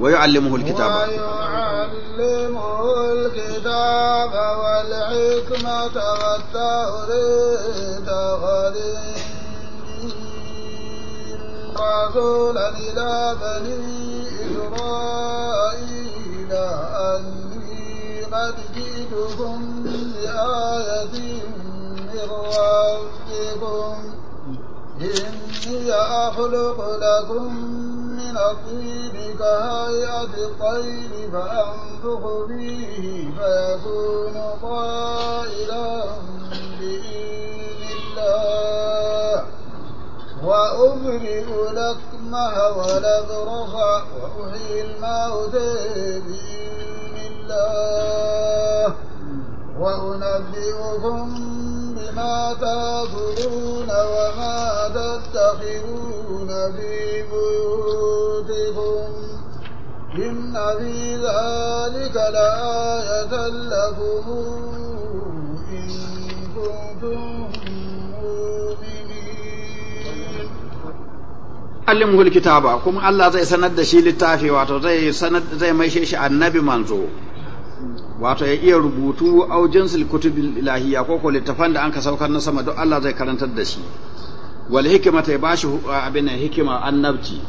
ويعلمه الكتاب ويعلمه الكتاب والحكمة والتوريد والإنجيل رسولا إلى بني إسرائيل أني قد جئتكم بآية من ربكم إني أخلق لكم نطيب كهيئة الطير فأنفخ فيه فيكون طائرا بإذن الله وأبرئ الأكمه والأبرص وأحيي الموت بإذن الله وأنبئكم بما تأكلون وما تتخذون في بيوتكم إن في ذلك لآية لكم إن كنتم allimhu kitaba kuma Allah zai sanar da shi littafi wato zai sanar zai maishe shi annabi manzo wato ya iya rubutu au jinsul kutubil ilahiyya ko ko littafan da an ka saukar na sama duk Allah zai karantar da shi wal hikima ya bashi uh, abin nan hikima annabci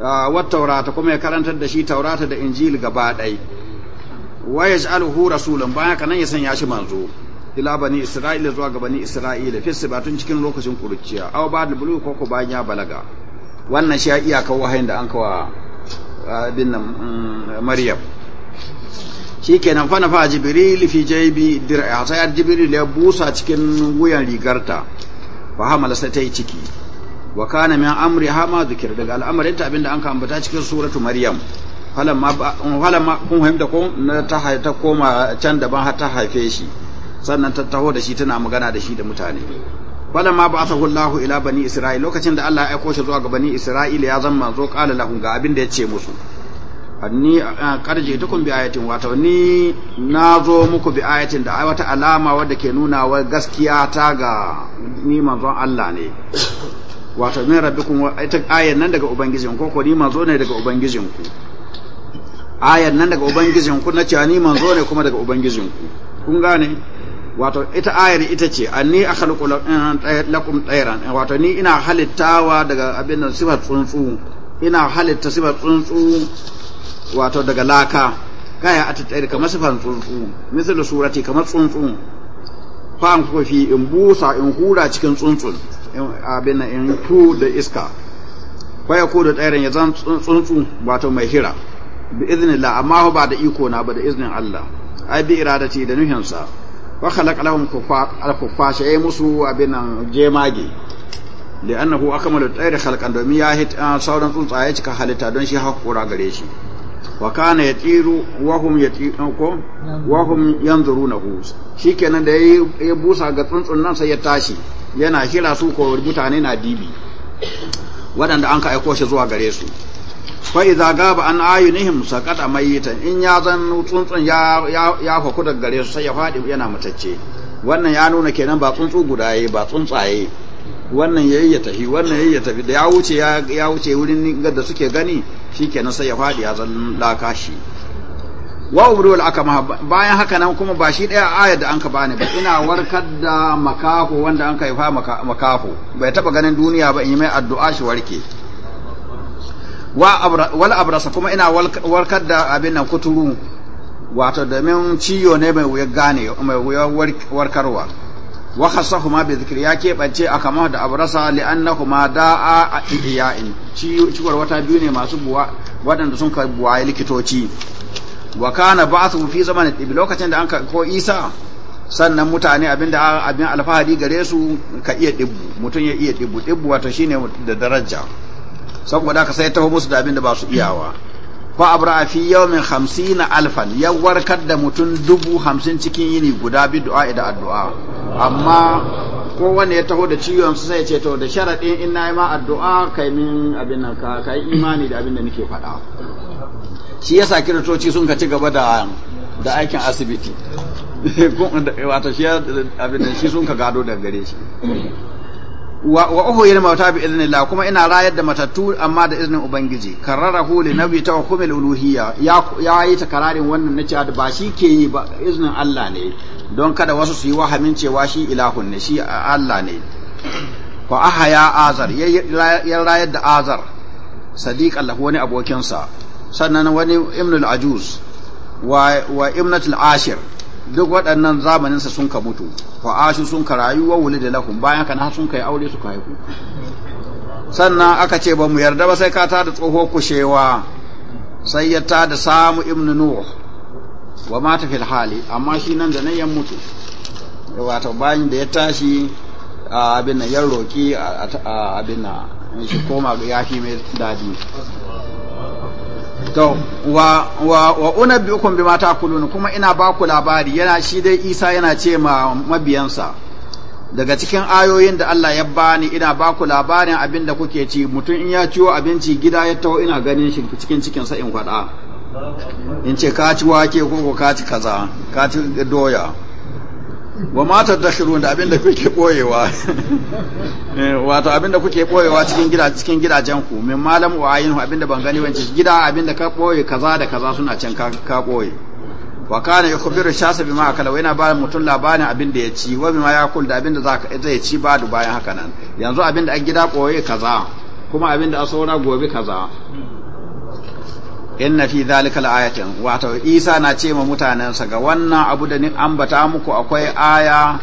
uh, wa taurata kuma ya karantar da shi taurata da injil gaba ɗai wa yaj'aluhu rasulan bayan kanan ya sanya shi manzo ila bani isra'ila zuwa ga bani isra'ila fi sibatun cikin lokacin kuruciya aw ba'd bulu ko ko bayan ya balaga wannan shi ya iya kawo wahayin da an kawa uh, abin nan mm, maryam shikenan fa na fa jibril fi jaybi dir'a sai jibril ya busa cikin wuyan rigarta fa sai ta yi ciki wa kana min amri hama zikir daga al'amarin ta abinda an ka ambata cikin suratu maryam halan ma kun fahimta ko ta ta koma can daban har ta haife shi sannan ta taho da shi tana magana da shi da mutane a ba'athahu Allahu ila bani Isra'il lokacin da Allah ya aiko shi zuwa ga bani Isra'il ya zama zo qala lahum ga abin da ya ce musu ni karje ta kun bi ayatin wato ni na zo muku bi ayatin da wata alama wadda ke nuna wa gaskiya ta ga ni manzon Allah ne wato min rabbikum ita ayan nan daga ubangijin ku ko ni manzo ne daga ubangijin ku ayan nan daga ubangijin ku na cewa ni manzo ne kuma daga ubangijin ku kun gane wato ita ayar ita ce anni akhluqu eh, eh, lakum tayran wato ni ina halittawa daga abin nan sifar tsuntsu ina halitta sifar tsuntsu wato daga laka kaya a tattare kamar sifan tsuntsu misali surati kamar tsuntsu fan kofi in busa in hura cikin tsuntsun abin in tu da iska kwaya ko da tsairin ya zan tsuntsu wato mai hira bi la, amma ba da iko na ba da iznin Allah ai bi iradati da nuhinsa wa khalaqa lahum kufa shay musu abin jemage li'annahu akmalu tsairi khalqan domin ya hit ah, sauran tsuntsaye cika halitta don shi hakura gare shi wa kana yatiru wa hum yatiru eh, wa hum yanzurunahu shikenan da ya busa ga tsuntsun nan sai ya tashi yana kira su ko mutane na dibi waɗanda an ka aiko shi zuwa gare su fa idza gaba an ayunihim saqata mayitan in ya zan tsuntsun ya ya faku daga gare su sai ya fadi yana mutacce. wannan ya nuna kenan ba tsuntsu guda gudaye ba tsuntsaye wannan yayi ya tafi wannan yayi ya tafi da ya wuce ya wuce wurin da suke gani shi kenan sai ya faɗi ya zan shi wa akama bayan haka nan kuma ba shi daya ayar da an ka bani ba ina warkar da makafo wanda an ka fa makafo bai taba ganin duniya ba in yi mai addu'a shi warke wa wal abrasa kuma ina warkar da abin nan kuturu wato domin ciyo ne mai wuya gane mai wuya warkarwa wa khassahuma bi dhikri ya keɓance a kama da abrasa li'annahuma da'a ihya'in ciwar wata biyu ne masu buwa waɗanda sun ka buwaye likitoci wa kana ba'thu fi zamanin ibi lokacin da an ko isa sannan mutane abinda abin alfahari gare su ka iya dibbu mutum ya iya dibbu dibbu wato shine da daraja saboda ka sai ta musu da abinda ba su iyawa fa abra fi yawmin khamsina alfan ya warkar da mutum dubu hamsin cikin yini guda bi du'a da addu'a amma kowane ya taho da ciwon su sai ya ce to da sharaɗin in nayi ma addu'a kai min abin nan ka kai imani da abin da nake faɗa shi yasa kiratoci sun ka ci gaba da da aikin asibiti wato shi abin da shi sun ka gado da gare shi wa uhyil mauta bi idnillah kuma ina rayar da matattu amma da iznin ubangiji karrarahu li nabi tawakkul uluhiyya ya ya yi takararin wannan na cewa ba shi ke yi ba iznin Allah ne don kada wasu su yi wahamin cewa shi ilahun ne shi Allah ne fa ahaya azar ya rayar da azar sadiq Allah wani abokinsa sannan wani ibnul ajuz wa wa ibnatul ashir duk waɗannan zamaninsa sun ka mutu ko ashi sun ka rayu wa wuli da lakun bayan kana sun kai aure su ka haiku sannan aka ce ba mu yarda ba sai ka ta da tsoho kushewa sai ya ta da samu ibnu nuh wa mata fil hali amma shi nan da nan ya mutu wato bayan da ya tashi abin nan ya roki abin nan shi koma ya fi mai dadi to wa wa wa bi mata ta'kulun kuma ina ba ku labari yana shi dai Isa yana ce ma mabiyansa daga cikin ayoyin da Allah ya bani ina ba ku labarin abin da kuke ci mutum in ya ciwo abinci gida ya taho ina ganin shi cikin cikin sa in faɗa in ce ka ci wake ko ka ci kaza ka ci doya wa mata da shiru da abinda kuke koyewa eh, wato abinda kuke koyewa cikin gida cikin gidajen ku min malam wa ayinu abinda ban gani wance gida abinda ka koye kaza da kaza suna can ka koye wa kana yukhbiru shasa bima akala wa ba mutun labani abinda ya ci wa bima yakul da abinda zai ci ba bayan haka nan yanzu abinda a gida koye kaza kuma abinda a saura gobe kaza inna fi dhalika laayatin wato isa na ce ma mutanensa ga wannan abu da ni ambata muku akwai aya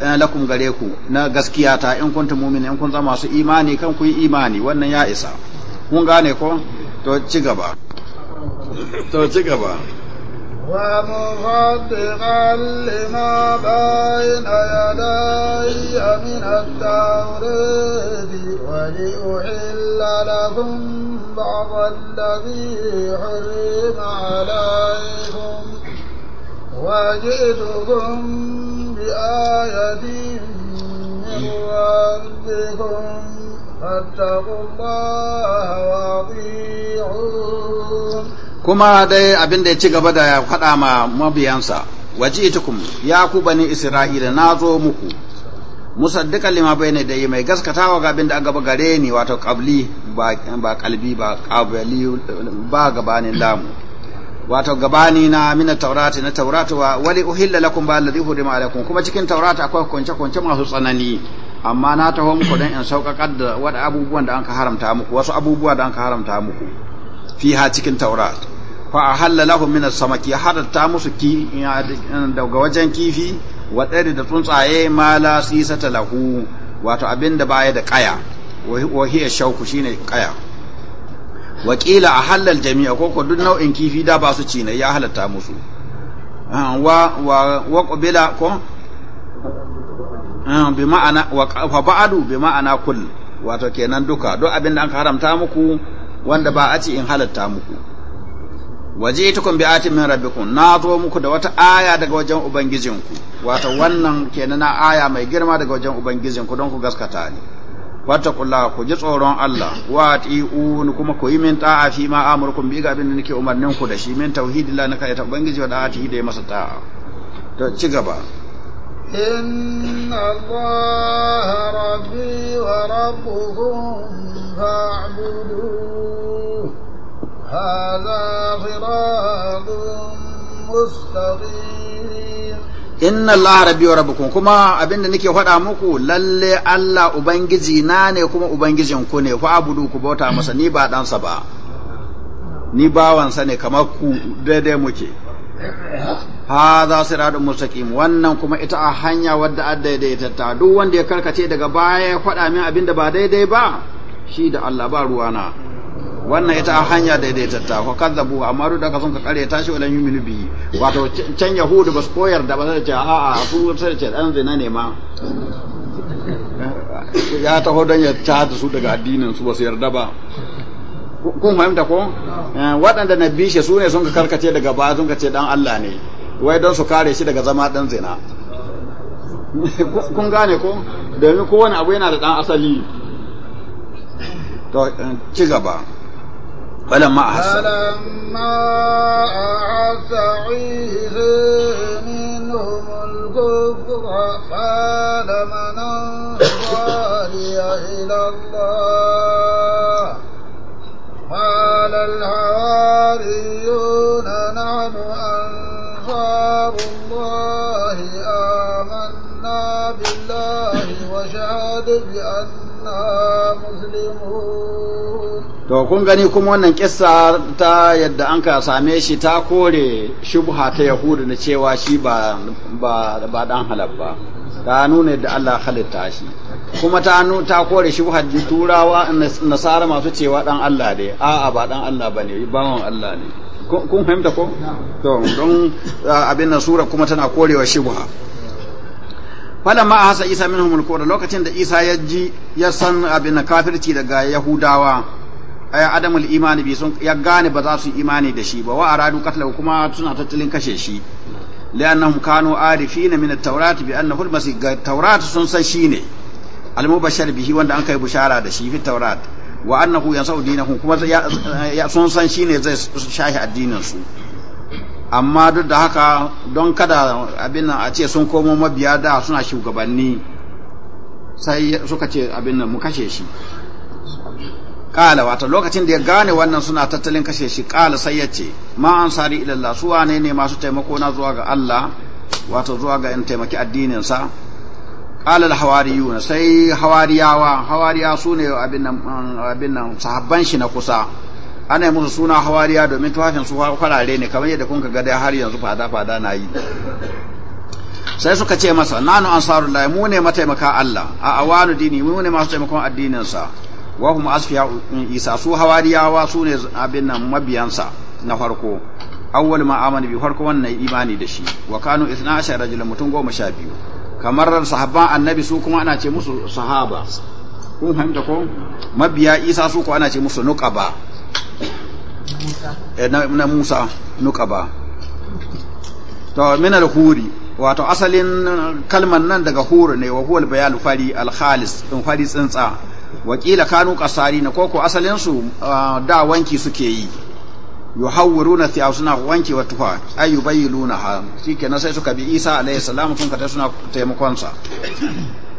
eh, lakum gare ku na gaskiya ta in kuntum mu'minin in kun zama su imani kan ku yi imani wannan ya isa kun gane ko to ci gaba to ci gaba ومصدقا لما بين يدي من التوريد ولأحل لكم بعض الذي حرم عليكم وجئتكم بآية من ربكم فاتقوا الله وأطيعون kuma dai abin da ya ci gaba da ya faɗa ma mabiyansa waje itukum ya ku bani isra'ila na zo muku duka lima bai ne da yi mai gaskatawa ga abin da aka gaba gare ni wato qabli ba kalbi ba kabali ba gabanin lamu wato gabani na mina taurati na taurati wa wali uhilla lakum ba alladhi hurima alaikum kuma cikin taurati akwai kunce kunce masu tsanani amma na taho muku dan in sauƙaƙar da wada abubuwan da an ka haramta muku wasu abubuwa da an ka haramta muku fiha cikin taura fa ahalla lahum min as-samaki hadatta musu ki daga wajen kifi wa tsari da tsuntsaye ma la sisata lahu wato abinda baya da kaya wa hiya shauku shine kaya wa kila a halal jamia ko ko duk nau'in kifi da ba su ci ne ya halatta musu wa wa wa qabila ko bi ma'ana wa fa ba'adu bi ma'ana kull wato kenan duka duk abin da an haramta muku wanda ba a ce in halatta muku waje ita kun bi'atin min rabbikum na zo muku da wata aya daga wajen ubangijinku wato wannan kenan na aya mai girma daga wajen ubangijinku don ku gaskata ne kula ku ji tsoron Allah wa ti'un kuma ku yi min ta'a fi ma amurkum bi ga abin da nake umarnin ku da shi min tauhidillahi na kai ta ubangiji wa da'atihi da masa ta'a to ci gaba إن الله ربي وربكم فاعبدوه هذا صراط مستقيم inna Allah rabbi wa rabbukum kuma abinda nake faɗa muku lalle Allah ubangiji na ne kuma ubangijin ku ne fa abudu ku bauta masa ni ba ɗansa ba ni bawansa ne kamar ku daidai muke hadha siratun mustaqim wannan kuma ita a hanya wadda adda ta duk wanda ya karkace daga baya ya faɗa min abin da ba daidai ba shi da Allah ba ruwana wannan ita a hanya ta ko kazzabu amma duk da ka sun ka kare ta shi walan yuminu bi wato can yahudu ba su koyar da ba ce a'a su sai ne ma ya ya ta su daga addinin su ba yarda ba kun fahimta ko eh, waɗanda na bishe su ne sun ka karkace daga baya sun ka ce dan Allah ne wai don su kare shi daga zama dan zina kun gane ko domin kowane abu yana da dan asali to eh, ci gaba فلما أحس فلما أحس عيسى منهم الكفر قال من أنصاري إلى الله To kun gani kuma wannan kissa ta yadda an ka same shi ta kore shubha ta Yahudu na cewa shi ba ba ba dan halal ba. Ta nuna yadda Allah halitta shi. Kuma ta ta kore shubha turawa nasara masu cewa dan Allah ne. A'a ba dan Allah bane, bawan Allah ne. Kun fahimta ko? To don abin na sura kuma tana korewa shubha. a hasa isa minhum alkufra lokacin da isa ya ji ya san abin kafirci daga yahudawa ay adamul imani bi sun ya gane ba za su imani da shi ba wa aradu katla kuma suna tattalin kashe shi li'annahum kanu arifina min at-taurati bi annahu al-masih taurat sun san shi ne al-mubashshar bihi wanda an kai bushara da shi fi taurat wa annahu yansau dinahum kuma sun san shi ne zai shahi addinin su amma duk da haka don kada abin nan a ce sun komo mabiya da suna shugabanni sai suka ce abin nan mu kashe shi kala wata lokacin da ya gane wannan suna tattalin kashe shi kala sai ya ce ma sari ilallah su wane ne masu taimako na zuwa ga Allah wato zuwa ga in taimaki addinin sa kala al-hawariyuna sai hawariyawa hawariya su abin abin nan sahabban shi na kusa ana yi musu suna hawariya domin tufafin su kwarare ne kamar yadda kunka ga dai har yanzu fada fada na yi sai suka ce masa nanu ansarullahi mu ne mataimaka Allah a awanu dini mu ne masu taimakon addininsa sa wa hum asfiya isa su hawariyawa su ne abin nan mabiyansa na farko awwal ma amana bi farko wannan imani da shi wa kanu 12 rajulan mutum biyu kamar sahabban annabi su kuma ana ce musu sahaba kun fahimta ko mabiya isa su ko ana ce musu nuqaba Eh, na Musa nuqaba to min al-huri wato asalin kalman nan daga huri ne wa huwal bayal fari al-khalis in fari tsintsa wakila kanu kasari na koko asalin su ah, da wanki suke yi yuhawwiruna thiyab suna wanki wa tufa ay yubayyiluna ha shikenan sai suka bi Isa alayhi salam kun ka suna taimakon sa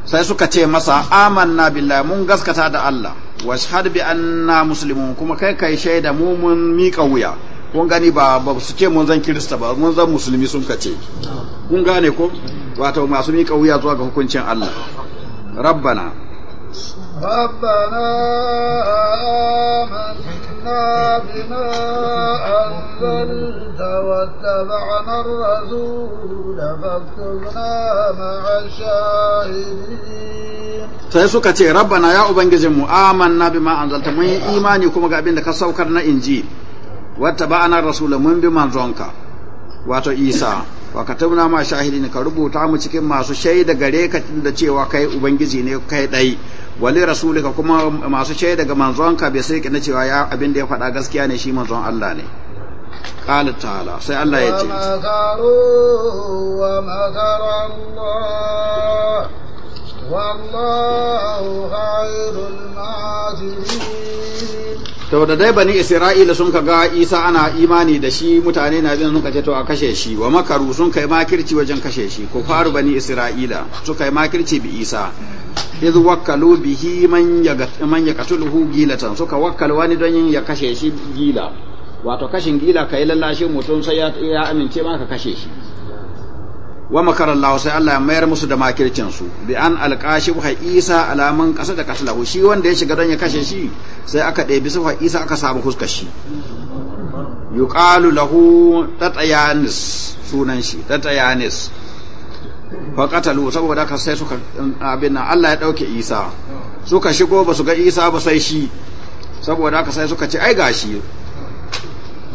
sai suka ce masa amanna billahi mun gaskata da Allah washhad bi anna muslimun kuma kai kai shaida mu mun mika wuya kun gani ba ba su ce mun zan kirista ba mun zan musulmi sun kace kun gane ko wato masu mika wuya zuwa ga hukuncin Allah rabbana ربنا آمنا بما أنزلت واتبعنا الرسول فاكتبنا مع الشاهدين sai suka ce rabbana ya ubangijin mu amanna bima anzalta mun yi imani kuma ga abin da ka saukar na inji wata ba ba'ana rasula mun bi manzonka wato isa wa katabna ma ne ka rubuta mu cikin masu shaida gare ka da cewa kai ubangiji ne kai dai wali rasulika kuma masu ce daga manzonka bai sai na cewa ya abin da ya faɗa gaskiya ne shi manzon Allah ne qala ta'ala sai Allah ya ce wallahu to da dai bani isra'ila sun ga isa ana imani da shi mutane na jin sun kace to a kashe shi wa makaru sun kai makirci wajen kashe shi ko faru bani isra'ila su kai makirci bi isa iz wakkalu bihi man man yakatuluhu gilatan suka wakkal wani don yin ya kashe shi gila wato kashin gila kai lallashin mutum sai ya amince maka kashe shi wa makarallahu Allah sai Allah ya mayar musu da makircin su bi an alqashi wa Isa alaman kasa da kasla shi wanda ya shiga don ya kashe shi sai aka ɗebi wa Isa aka samu huska shi yuqalu lahu tatayanis sunan shi tatayanis fa qatalu saboda ka sai suka abin nan Allah ya dauke Isa suka shigo ba su ga Isa ba sai shi saboda ka sai suka ce ai gashi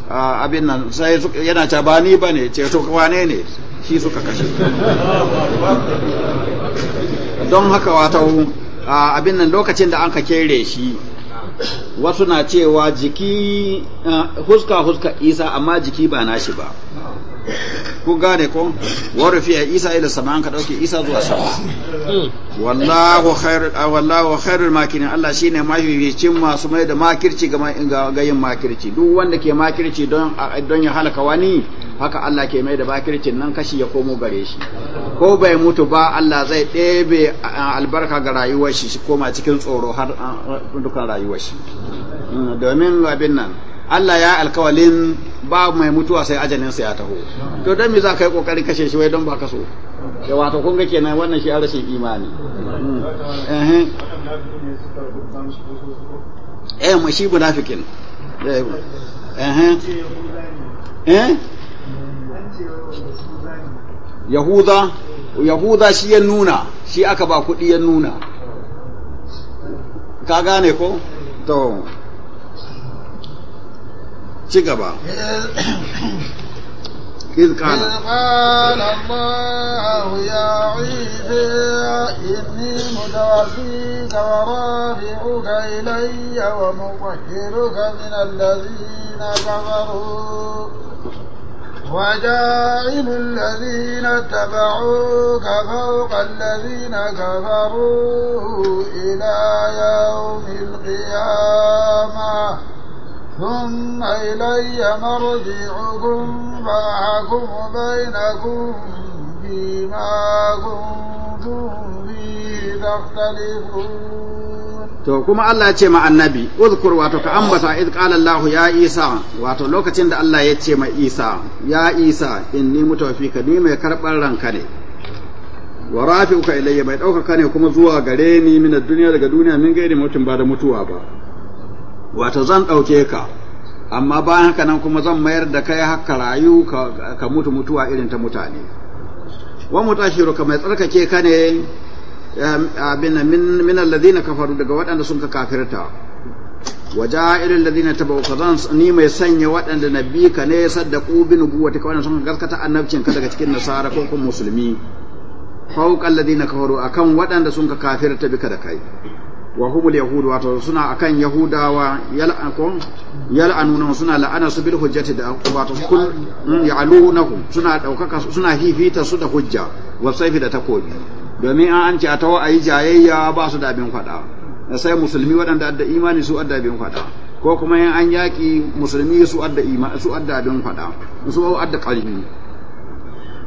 ah, abin nan sai yana ta bani bane ce to wane ne shi suka kashe don haka wata abin nan lokacin da an ka kere shi wasu na cewa jiki huska huska isa amma jiki ba nashi ba ku gane ko wara fiye isa ila sama an ka dauke isa zuwa sama wallahu khairul makirin Allah shine mafificin masu mai da makirci ga yin makirci duk wanda ke makirci don ya halaka wani haka Allah ke mai da makircin nan kashi ya komo gare shi ko bai mutu ba Allah zai ɗebe albarka ga rayuwar shi koma cikin tsoro har dukkan rayuwar shi domin abin nan Allah ya alkawalin ba mai mutuwa sai sa ya taho to don me za ka yi kokarin kashe shi wai don ba ka so ya wato kun ga kenan wannan shi an rashin imani eh mu shi munafikin eh eh yahuda yahuda shi ya nuna shi aka ba kuɗi ya nuna ka gane ko to ci gaba إذ قال قال الله يا عيسى إني متوفيك ورافعك إلي ومطهرك من الذين كفروا وجاعل الذين اتبعوك فوق الذين كفروا إلى يوم القيامة ثم إلي مرجعكم فأحكم بينكم فيما كنتم فيه تختلفون to kuma Allah ya ce ma annabi uzkur wato ka ambata id qala Allah ya Isa wato lokacin da Allah ya ce ma Isa ya Isa inni mutawfika ni mai karban ranka ne wa rafi'uka ilayya mai ka ne kuma zuwa gare ni min duniya daga duniya min gairi mutum ba da mutuwa ba wato zan ɗauke ka amma bayan haka nan kuma zan mayar da kai haka rayu ka mutu mutuwa irin ta mutane wa mutashiru ka mai tsarkake ka ne abin min alladhina kafaru daga waɗanda sun ka kafirta waja irin ladina tabau ka zan ni mai sanya waɗanda nabi ka ne saddaku bi nubuwati ka waɗanda sun gaskata annabcin ka daga cikin nasara ko kuma musulmi fawqa alladhina kafaru akan waɗanda sun ka kafirta bika da kai wa humul yahud wato suna akan yahudawa yal'anun yal'anuna suna la'ana su bil hujjati da wato kul mm, ya'lunahu suna daukaka suna hifita su da hujja wa saifi da takobi domin an an a tawo ayi jayayya ba su da abin fada sai musulmi waɗanda adda imani su adda abin fada ko kuma yan an yaki musulmi su adda imani su adda abin fada su adda qalbi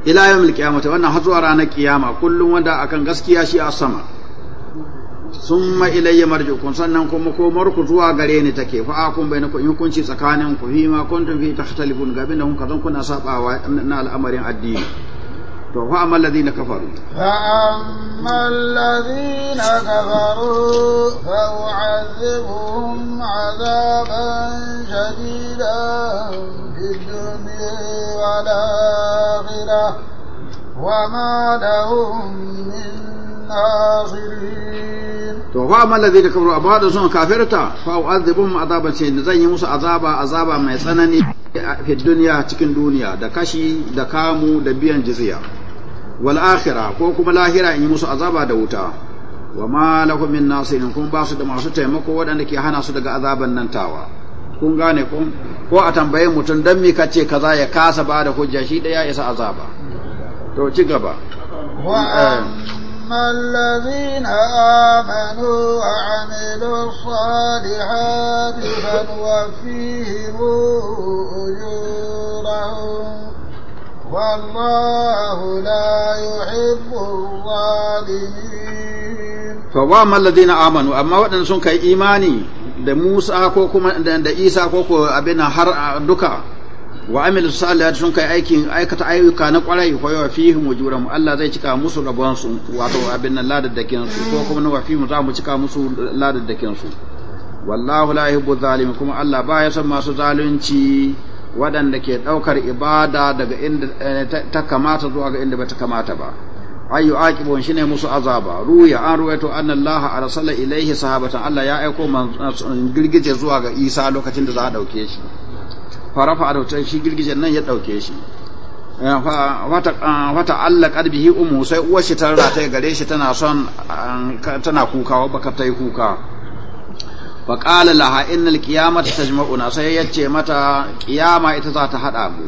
ila yawmil qiyamah wannan har zuwa ranar kiyama kullum wanda akan gaskiya shi a sama summa ilayya marjukum sannan kuma komarku zuwa gare ni take fa akun bainakum in kunci tsakanin ku fi ma kuntum fi takhtalifun ga binda kun zan kuna sabawa na al'amarin addini to fa amma alladhina kafaru fa amma alladhina kafaru fa u'adhibuhum 'adaban shadidan fid dunya wal akhirah wa ma lahum min الآخرين to fa amma da zai kafaru amma da sun kafirta fa u'adhibuhum azaban shay'in zan yi musu azaba azaba mai tsanani fi duniya cikin duniya da kashi da kamu da biyan jizya wal akhirah ko kuma lahira in yi musu azaba da wuta wa ma min nasirin kun ba su da masu taimako waɗanda ke hana su daga azaban nan tawa kun gane kun ko a tambaye mutum dan me kace kaza ya kasa ba da hujja shi da ya isa azaba to ci gaba أما الذين آمنوا وعملوا الصالحات فنوفيهم أجورهم والله لا يحب الظالمين فواما الذين آمنوا أما وأن سنك إيماني da Musa ko kuma da Isa ko ko abin har duka wa amilu salihat sun kai aikin aikata ayyuka na kwarai fa wa fihim wujuram Allah zai cika musu rabon su wato abin nan ladaddakin su ko kuma na wafi mu za mu cika musu ladaddakin su wallahu la yuhibbu zalimin kuma Allah ba ya san masu zalunci waɗanda ke ɗaukar ibada daga inda eh, ta kamata zuwa ga inda ta kamata ba ayu aqibun shine musu azaba ruya an ruwaito anna Allah arsala ilaihi sahabatan Allah ya aiko girgije zuwa ga Isa lokacin da za a dauke shi farafa a da shi girgijen nan ya ɗauke shi eh, wata ah, Allah ƙarbihi umu sai uwar shi ta gare shi tana son ah, tana kuka wa baka ta yi kuka fa ƙala laha innal ta tajma'una sai ya ce mata ƙiyama ita za ta haɗa mu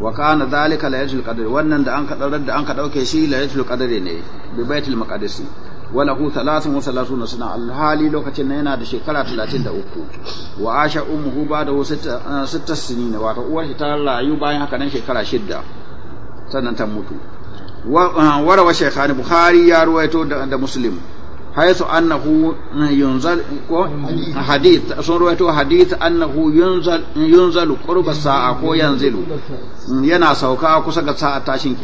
wa kana zalika laylatul qadr wannan da an ka da an ka dauke shi laylatul qadr ne bi baitul maqdis walahu thalathun wa thalathuna sana alhali lokacin nan yana da shekara 33 wa asha ummuhu ba'da ah, sitta sinina wato uwar shi ta rayu bayan haka nan shekara shidda sannan ta mutu warawa ah, shaykhani bukhari ya ruwaito da muslim حيث أنه ينزل حديث hadith حديث أنه ينزل ينزل قرب الساعة وينزل ينا سوكا كسك الساعة تاشين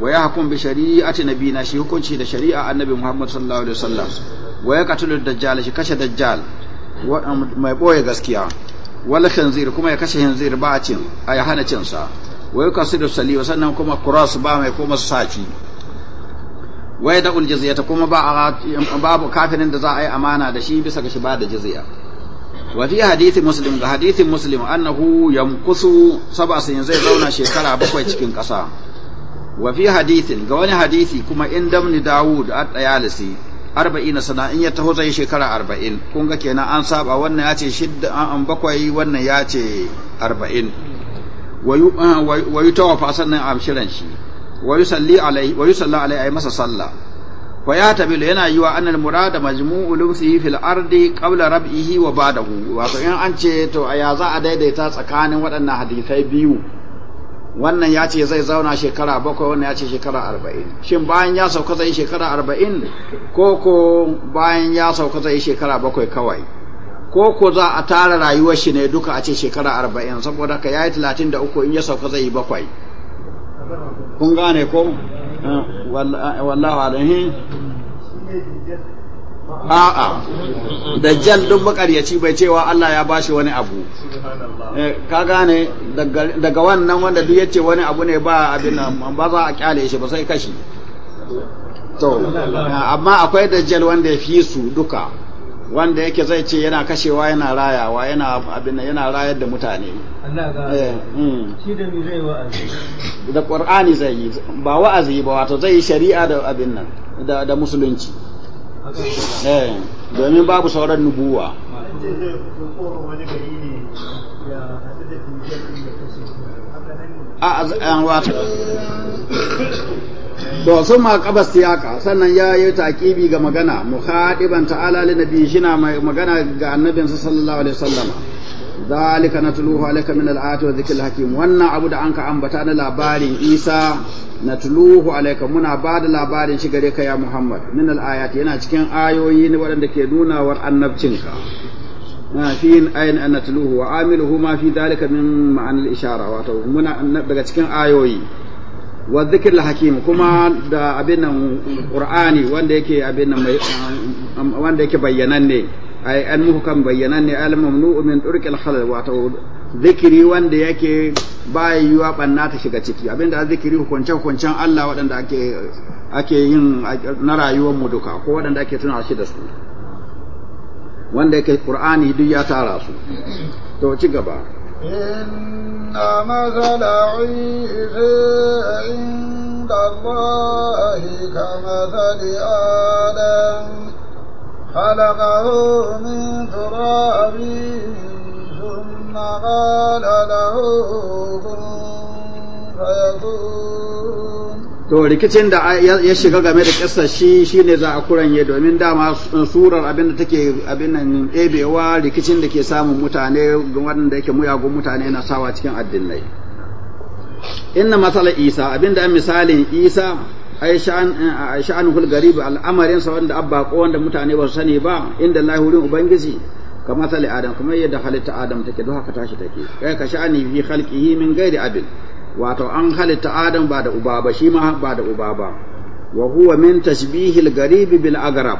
wa ya hukum bi shari'ati nabina shi hukunci da shari'a annabi Muhammad sallallahu alaihi wasallam wa ya katulu dajjal shi kashe dajjal um, mai boye gaskiya wala khanzir kuma ya kashe khanzir ba a cin a hana cin sa wa ya kasidu saliwa sannan kuma cross ba mai kuma saci wa ya da'ul jizyata kuma ba babu kafirin da za a yi amana da shi bisa ga shi ba da jizya wa fi hadisi muslim ga hadisin muslim annahu yamkusu sab'a sai zai zauna shekara bakwai cikin ƙasa wa fi hadithin ga wani hadisi kuma in damni dawud at tayalisi arba'in sana in ya taho zai shekara arba'in kun ga kenan an saba wannan ya ce shidda an bakwai wannan ya ce arba'in wa yi tawafa sannan a shirin shi wa yi salli alai wa salla alai ai masa salla wa ya tabilu yana yi wa annal murada majmu'u lumsihi fil ardi qabla rab'ihi wa ba'dahu wato in an ce to a ya za a daidaita tsakanin waɗannan hadisai biyu wannan ya ce zai zauna shekara bakwai wannan ya ce shekara arba'in shin bayan ya sauka zai shekara arba'in ko ko bayan ya sauka zai shekara bakwai kawai ko ko za a tara rayuwar shi ne duka a ce shekara arba'in saboda ka yi talatin da uku in ya sauka zai yi bakwai kun gane ko eh, wallahu alaihi a'a dajjal duk makaryaci bai cewa Allah ya bashi wani abu eh, ka gane daga wannan wanda duk yace wani abu ne ba abin nan ba za a kyale shi ba sai kashi to amma akwai dajjal wanda ya fi su duka wanda yake zai ce yana kashewa yana rayawa yana abin yana rayar da mutane eh, hmm. shi da mi zai wa'azi da qur'ani zai yi ba wa'azi ba wato zai yi shari'a da abin nan da musulunci Eh, domin babu sauran nubuwa a an wata to sun ma kabas tiyaka sannan ya yi taƙibi ga magana muhadiban ta'ala li biyu shi mai magana ga annabinsa sallallahu alaihi wasallama zalika natluhu alayka min al-ayati wa dhikril hakim wannan abu da ka ambata na labarin Isa natluhu alayka muna bada labarin shi gare ka ya Muhammad min al-ayati yana cikin ayoyi ne waɗanda ke nuna wa annabcinka fi ayin natluhu wa amiluhu ma fi dalika min ma'an al-ishara wato muna daga cikin ayoyi wa dhikril hakim kuma da abin nan Qur'ani wanda yake abin nan wanda yake bayyananne ne ay an muku kan bayyana ne al mamnu'u min turqil halal wato zikiri wanda yake baya yiwa banna ta shiga ciki abinda zikiri hukunce hukuncen Allah waɗanda ake ake yin na rayuwar mu duka ko waɗanda ake tuna shi da su wanda yake Qur'ani duk ya tara su to ci gaba inna mazala inda Allah kama zali adam خلقه من تراب ثم قال له To rikicin da ya shiga game da ƙasa shi shi ne za a kuranye domin dama surar abinda take abin nan ɗebewa rikicin da ke samun mutane waɗanda yake muyagun mutane na sawa cikin addinai. Inna matsala Isa abinda an misalin Isa ai eh, sha'anul garib al'amarin sa wanda abba ko wanda mutane ba su sani ba inda Allah wurin ubangiji kamar sali adam kuma yadda halitta adam take don haka tashi take kai ka sha'ani fi khalqihi min ghairi abin wato an halitta adam ba da uba ba shi ma ba da uba ba wa huwa min tashbihil garib bil agrab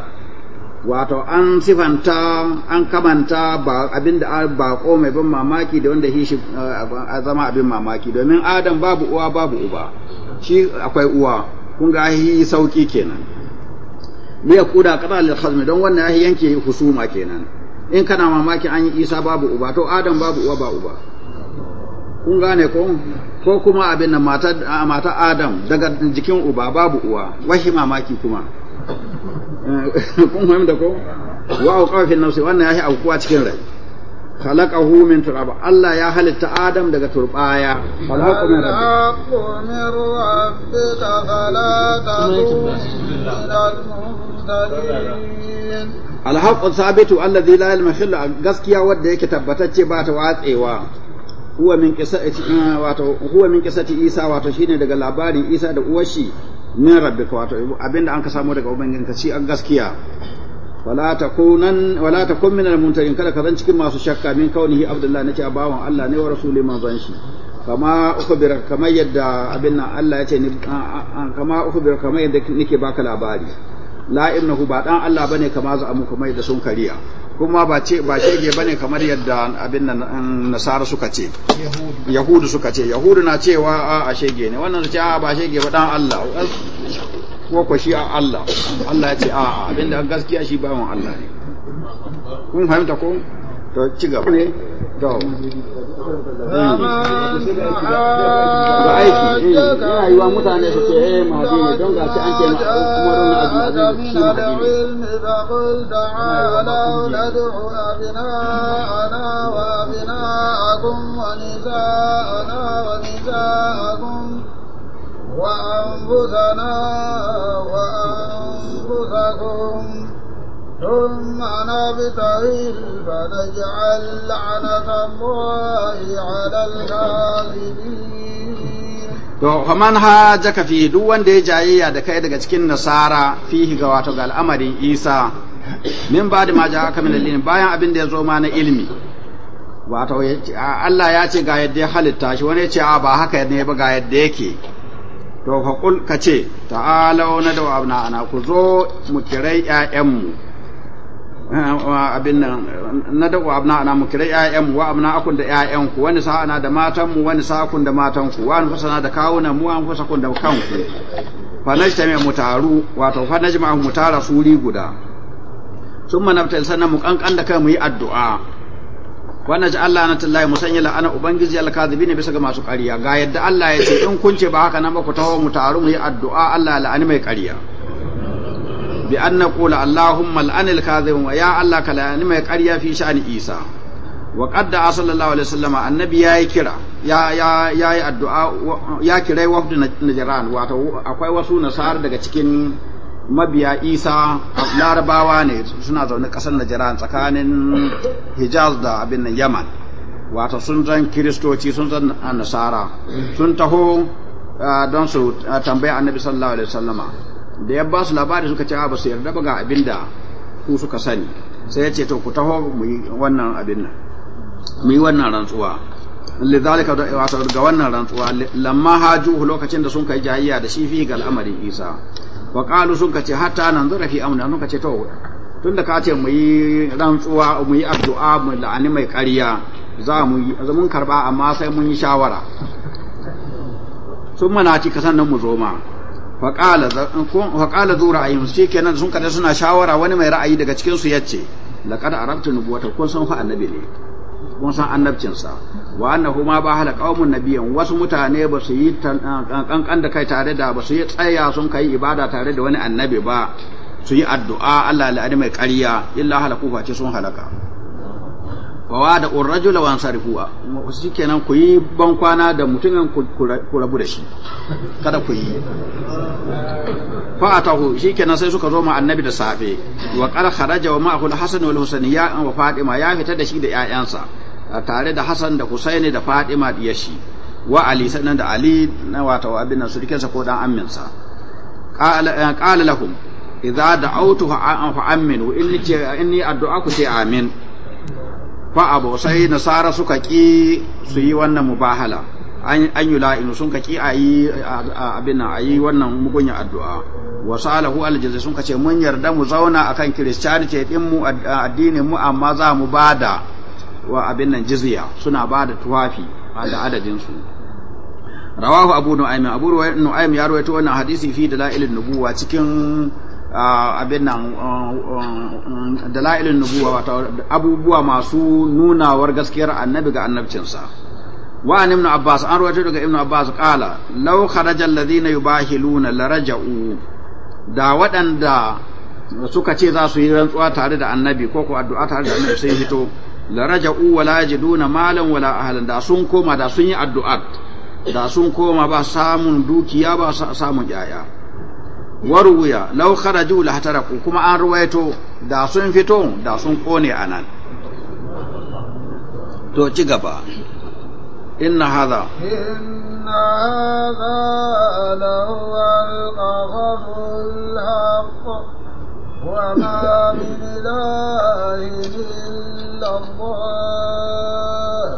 wato an sifanta an kamanta ba abinda bako mai ban mamaki da wanda shi eh, zama abin mamaki domin adam babu uwa babu uba shi akwai uwa kun ga ahi sauki kenan ya kuda kada lil hazmi don wannan ahi yanke husuma kenan in kana mamaki an yi isa babu uba to adam babu uwa ba uba kun gane ko ko kuma abin nan mata mata adam daga jikin uba babu uwa wahi mamaki kuma eh, kun fahimta ko wa'u qafin nafsi wannan yahi aukuwa cikin rai خلقه من تراب الله يا هل آدم دغ تربايا خلقه من yake tabbatacce ba ta watsewa min qisati wato huwa min qisati Isa wato daga labarin Isa da uwar shi min rabbika daga ubangijinka shi gaskiya wala takunan wala takun min al-muntarin kada ka zan cikin masu shakka min kaunihi abdullahi nace a bawan Allah ne wa rasuli manzon shi kama uku bira kama yadda abin nan Allah yace ni kama uku bira kama yadda nake baka labari la innahu ba dan Allah bane kama za mu kuma yadda sun kariya kuma ba ce ba ge bane kamar yadda abin nan nasara suka ce yahudu suka ce yahudu na cewa a shege ne wannan su ce a ba shege ba dan Allah ko ko shi a Allah Allah ya ce a abinda gaskiya shi bayan Allah ne kun fahimta ko to ci gaba ne da ga aiki yana yiwa mutane su ce eh mahadi ne don ga shi an ce na umarun abin shi mahadi ne ونساءنا أنفسنا وأنفسكم ثم نبتهل فنجعل لعنة الله على الكاذبين To, faman ha jaka fi duk wanda ya jayayya da kai daga cikin nasara fihi ga wato ga al'amarin Isa, min ba da maja aka min bayan abin da ya zo ma na ilimi, wato Allah ya ce ga yadda ya halitta shi wani ya ce a ba haka ne ba ga yadda yake to fa kul ka ce ta'alau na da abna ana ku zo mu kirai ƴaƴanmu eh, abin nan na da abna ana mu kirai ƴaƴanmu wa abna akun da ƴaƴanku wani sa ana da matan mu wani sa akun da matanku wa na da kawuna mu kun da kanku fa najtami mu taru wato fa najma mu tara suri guda sun manabta sannan mu kankan da kai mu yi addu'a wanda ji Allah na tallahi musanya la'ana ubangiji ne bisa ga masu ƙarya ga yadda Allah ya ce in kun ce ba haka nan ba ku taho mu taru mu yi addu'a Allah la'ani mai ƙarya bi anna qula Allahumma la'an alkazibin wa ya Allah ka la'ani mai ƙarya fi sha'ani Isa wa qadda sallallahu alaihi wasallam annabi yayi kira ya ya yayi addu'a ya kirai wafd najran wato akwai wasu nasar daga cikin mabiya isa larabawa ne suna zaune kasar najiran tsakanin hijaz da abin nan yaman wata sun zan kiristoci sun zan nasara sun taho don su tambaya annabi sallallahu alaihi wasallama da ya ba su labari suka cewa ba su yarda ba ga abin da ku suka sani sai ya ce to ku taho mu yi wannan abin nan mu yi wannan rantsuwa lidhalika wato ga wannan rantsuwa lamma haju lokacin da sun kai jayayya da shi fi ga al'amarin isa wa qalu sun kace hatta nan zura fi amna sun kace to tunda ka ce mu yi rantsuwa mu yi addu'a mu la'ani mai ƙarya za mu yi za mun karba amma sai mun yi shawara sun mana ci kasan nan mu zo ma fa qala zu ra'ayin shi kenan sun kada suna shawara wani mai ra'ayi daga cikin su yace laqad arabtu nubuwata kun san fa annabi ne kun san annabcin sa wa annahu ma ba hala qaumun nabiyyan wasu mutane ba su yi ah, kankan da kai tare da ba su yi tsaya sun kai ibada tare da wani annabi ba su yi addu'a Allah la'ani mai ƙarya illa halaku face sun halaka wa da urrajul wa ansarifu wasu kenan ku yi ban kwana da mutumin ku rabu da shi kada ku yi fa atahu shikenan sai suka zo ma annabi da safe wa qala kharaja wa ma'ahu al-hasan wal husayn ya wa fatima ya fita da shi da ƴaƴansa tare da Hassan da Husaini da Fatima da yashi wa Ali sannan da Ali na wato abin nan surkensa ko dan amminsa qala eh, qala lahum idza da'awtu fa aminu inni inni addu'a ku ce amin fa abu sai nasara suka ki su yi wannan mubahala an yi la'inu sun ka ki a yi abin a yi wannan mugunya addu'a wa salahu aljazi sun ka ce mun yarda mu zauna akan christianity din mu addinin mu amma za mu bada wa abin nan jizya suna ba da tuwafi da adadinsu rawahu abu nu'aym abu nu'aym ya rawaito wannan hadisi fi dalailin nubuwa cikin abin nan dalailin nubuwa wato abubuwa masu nunawar gaskiyar annabi ga annabcinsa wa an ibn abbas an rawaito daga ibn abbas qala law kharaja alladhina yubahiluna laraja'u da waɗanda suka ce za su yi rantsuwa tare da annabi ko ko addu'a tare da annabi sai fito la raja'u wa la yajiduna malan wala ahlan da sun koma da sun yi addu'a da sun koma ba samun dukiya ba samun yaya waruya law kharaju la hataraku kuma an ruwaito da sun fito da sun kone anan to ci gaba inna hadha inna hadha law al al-haqq وما من إله إلا الله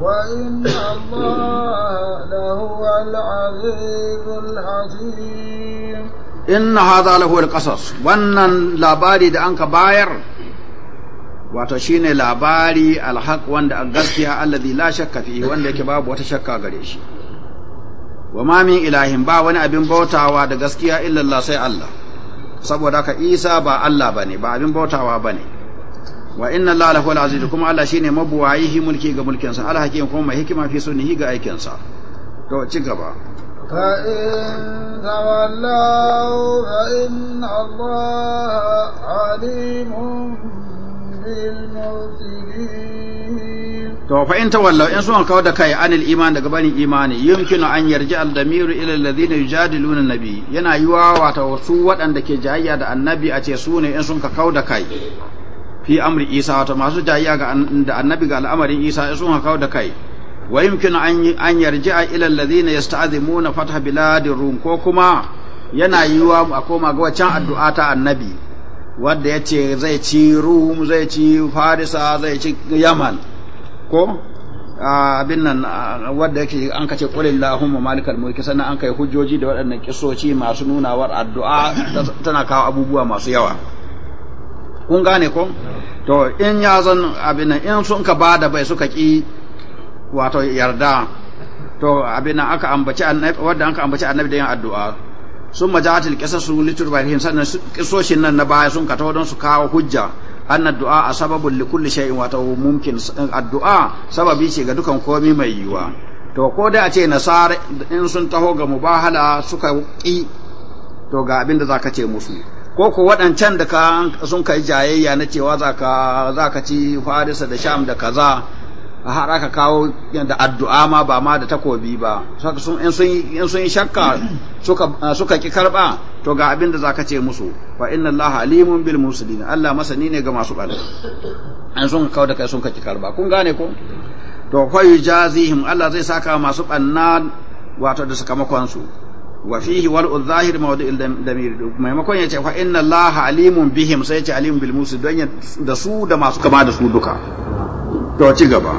وإن الله لهو العزيز الحكيم إن هذا لهو القصص وأن labari da anka bayar wato shine labari alhaq wanda a gaskiya allazi la shakka fihi wanda yake babu wata shakka gare shi wa ma min ilahin ba wani abin bautawa da gaskiya illa Allah sai Allah saboda ka isa ba Allah bane ba abin bautawa bane wa inna allaha lahu kuma Allah shine mabuwayi mulki ga mulkin sa kuma mai hikima fi sunnihi ga aikinsa. sa to ci gaba fa in fa inna to fa in tawallaw in sun kawo da kai anil iman daga bani imani yumkinu an yarji al damiru ila alladhina yujadiluna nabi yana yiwa wata su waɗanda ke jayayya da annabi a ce su ne in sun ka kawo da kai fi amri isa wata masu jayayya ga da annabi ga al'amarin isa in sun ka kawo da kai wa yumkinu an an yarji ila alladhina yasta'dhimuna fatha biladir rum ko kuma yana yiwa a koma ga wacan addu'a ta annabi wanda yace zai ci rum zai ci farisa zai ci yaman ko abin nan wadda yake an kace qulil lahumma malikal mulki sannan an kai hujjoji da waɗannan kisoci masu nunawar addu'a tana kawo abubuwa masu yawa kun gane ko to in ya zan abin in sun ka bada bai suka ki wato yarda to abin nan aka ambaci annabi wadda an ka ambaci annabi da yin addu'a sun majatil qisasu liturbarihim sannan kisoshin nan na baya sun ka tawo don su kawo hujja anna du'a sababul li kulli shay'in wa mumkin addu'a sababi ce ga dukan komai mai yiwa to ko da a ce nasara in sun taho ga mubahala suka ƙi to ga abin da zaka ce musu ko ko waɗancan da sun kai jayayya na cewa zaka zaka ci farisa da sham da kaza har aka kawo da addu'a ma ba ma da takobi ba in sun yi shakka suka ki karba to ga abin da za ka ce musu fa inna Allah alimun bil musulina allah masani ne ga masu ɓarna an sun kawo da kai sun ka ki karba kun gane ko to fa jazihim allah zai saka masu ɓanna wato da sakamakon su wa fihi wal zahir mawdu'il damir maimakon ya ce fa inna Allah alimun bihim sai ya ce alimun bil musulina don da su da masu kama da su duka to ci gaba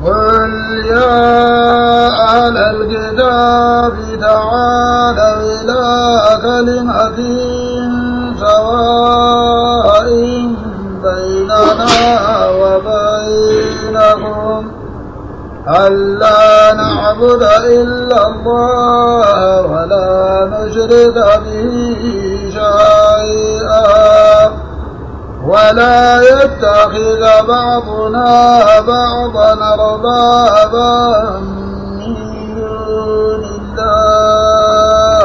قل يا أهل الكتاب تعالوا إلى كلمة سواء بيننا وبينكم ألا نعبد إلا الله ولا نشرك به شيئا ولا يتخذ بعضنا بعضا ربابا من دون الله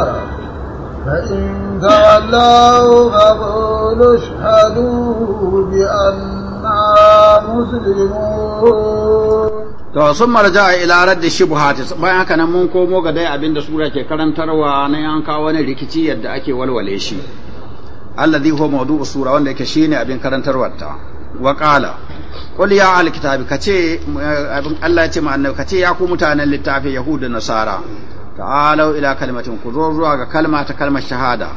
فإن تولوا فقولوا اشهدوا بأننا مسلمون To sun marja a da shi shubhat bayan haka nan mun komo ga dai abinda sura ke karantarwa na yanka wani rikici yadda ake walwale shi alladhi huwa as sura wanda yake shine abin karantarwar ta wa qala qul ya ahli kitab kace abin Allah ya ce ma annabi kace ya ku mutanen littafi yahudu nasara ta'alu ila kalimatin ku zuwa ga kalma ta kalmar shahada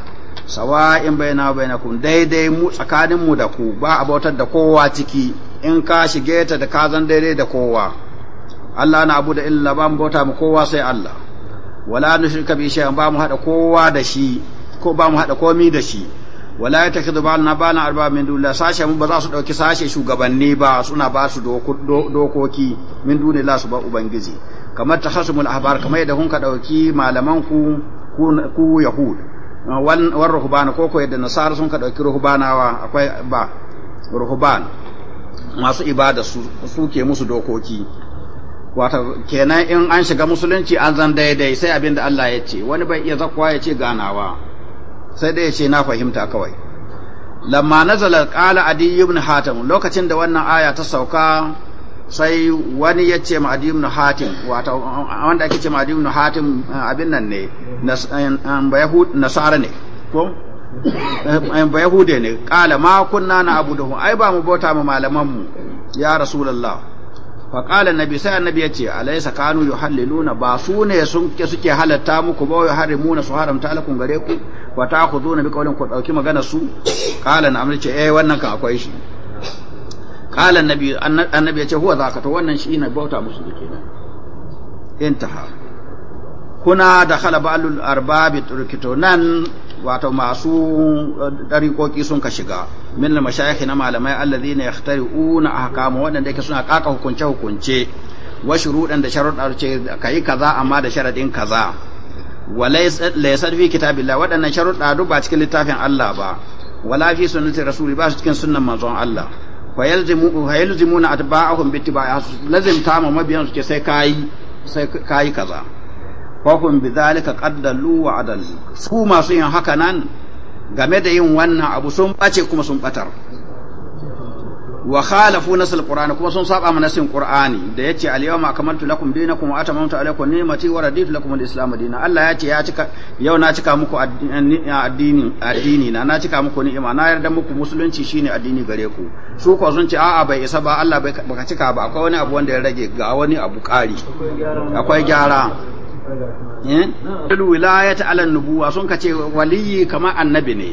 sawa'in bayna bainakum daidai mu tsakanin mu da ku ba abautar da kowa ciki in ka shige ta da ka zan daidai da kowa Allah na abu da illa ba mu bauta mu kowa sai Allah wala nushrika bi shay'in ba mu hada kowa da shi ko ba mu hada komi da shi wala ya tafi ba na bana arba min dula sashe mu ba za su dauki sashe shugabanni ba suna ba su dokoki min la su ba ubangiji kamar ta hasumul ahbar kamar yadda kun ka dauki malaman ku ku yahud wan ruhbana ko ko yadda nasara sun ka dauki ruhbanawa akwai ba ruhban masu ibada su suke musu dokoki wata kenan in an shiga musulunci an zan daidai sai abin da Allah ya ce wani bai iya zakwa ya ce ganawa sai dai ya ce na fahimta kawai lamma nazala qala adi ibn hatim lokacin da wannan aya ta sauka sai wani ya ce ma adi ibn hatim wato wanda ake ce ma adi ibn hatim abin nan ne nasara ne ko ba yahude ne qala ma kunna na abuduhu ai ba mu bauta ma malaman mu ya rasulullah fa qala annabi sai annabi yace alaysa kanu yuhalliluna ba su ne suke halatta muku ba yuharrimuna su haramta alakun gare ku Ba ta wa ta'khuduna bi qawlin ku ɗauki magana su qala na amrice eh wannan ka akwai shi qala annabi annabi yace huwa zaka to wannan shi ne bauta musu kenan intaha kuna da dakhala arba bi turkito nan wato masu eh, dariƙoƙi sun ka shiga min mashayikh na malamai allazina yahtari'una ahkama waɗanda yake suna kaka hukunce hukunce wa shuruɗan da sharuɗa ce kai kaza amma da sharaɗin kaza wa laysa fi kitabillah waɗannan sharuɗa duk ba cikin littafin Allah ba wala fi sunnati rasuli ba su cikin sunnan manzon Allah fa yalzimu fa yalzimuna atba'ahum bi lazim tama mabiyan su ce sai kai sai kai kaza wahum bi zalika qaddalu wa adal su masu yin haka nan game da yin wannan abu sun bace kuma sun batar wa khalafu nasl qur'ani kuma sun saba ma nasin qur'ani da yace al yawma akmaltu lakum dinakum wa atamamtu alaykum ni'mati wa raditu lakum al islam dinan Allah yace ya cika yau na cika muku addini addini na na cika muku ni'ima na yarda muku musulunci shine addini gare ku su ko sun ce a a bai isa ba Allah bai baka cika ba akwai wani abu wanda ya rage ga wani abu kari akwai gyara Eh? wilayata ala nubuwa sun kace waliyi kamar annabi ne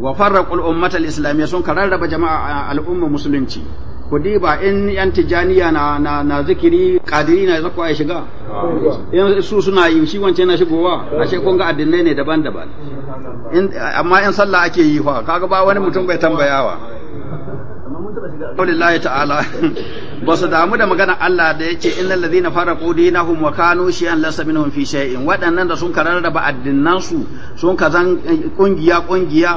wa farraqul ummata al-islamiyya sun ka rarraba jama'a a al'ummar musulunci ku diba in yan tijaniya na na, na zikiri kadiri na zaku ai shiga in su suna yi shi wance na shigowa ashe kun ga addinai ne daban-daban amma in sallah ake yi fa kaga ba wani mutum bai tambayawa Allah basu damu da maganar Allah da yake innal ladina faraqu dinahum wa kanu shay'an lasa minhum fi shay'in waɗannan da sun kararraba addinan su sun kazan kungiya eh, kungiya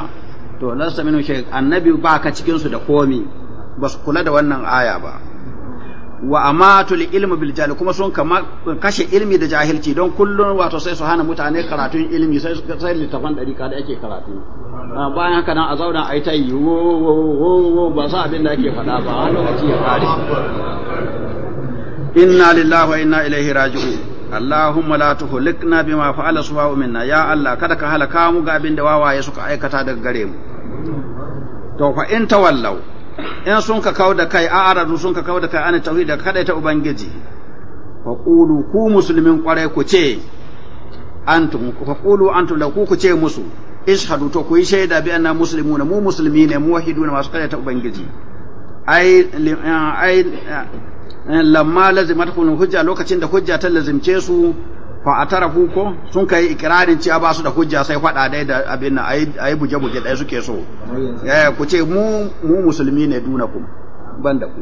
to lasa minhum shay'in annabi ba ka cikin su da komi ba su kula da wannan aya ba wa amatul ilmi bil jahil kuma sun kama kashe ilmi da jahilci don kullun wato sai su hana mutane karatun ilmi sai sai littafan dariƙa da ake karatu ah, bayan haka nan a zauna ai ta yi wo wo wo wo ba sa abin da ake faɗa ba wani lokaci ya kare inna lillahi wa inna ilaihi raji'un Allahumma la tuhlikna bima fa'ala suwa'u minna ya Allah kada ka halaka mu ga abin da wawaye suka aikata daga gare mu to fa in tawallaw in sun ka kawo da kai a aradu sun ka kawo da kai ana tauhid da kada ta ubangiji fa qulu ku muslimin kwarai ku ce antum fa qulu antum la ku ku ce musu ishadu to ku yi shaida bi anna muslimuna mu muslimi ne mu wahiduna masu kada ta ubangiji ai ai eh, lamma lazimat hujja lokacin da hujja ta lazimce su fa tara ko sun kai ikirarin cewa ba su da hujja sai faɗa dai da abin nan ayi buje buje dai suke so eh ku ce mu musulmi ne ku ban da ku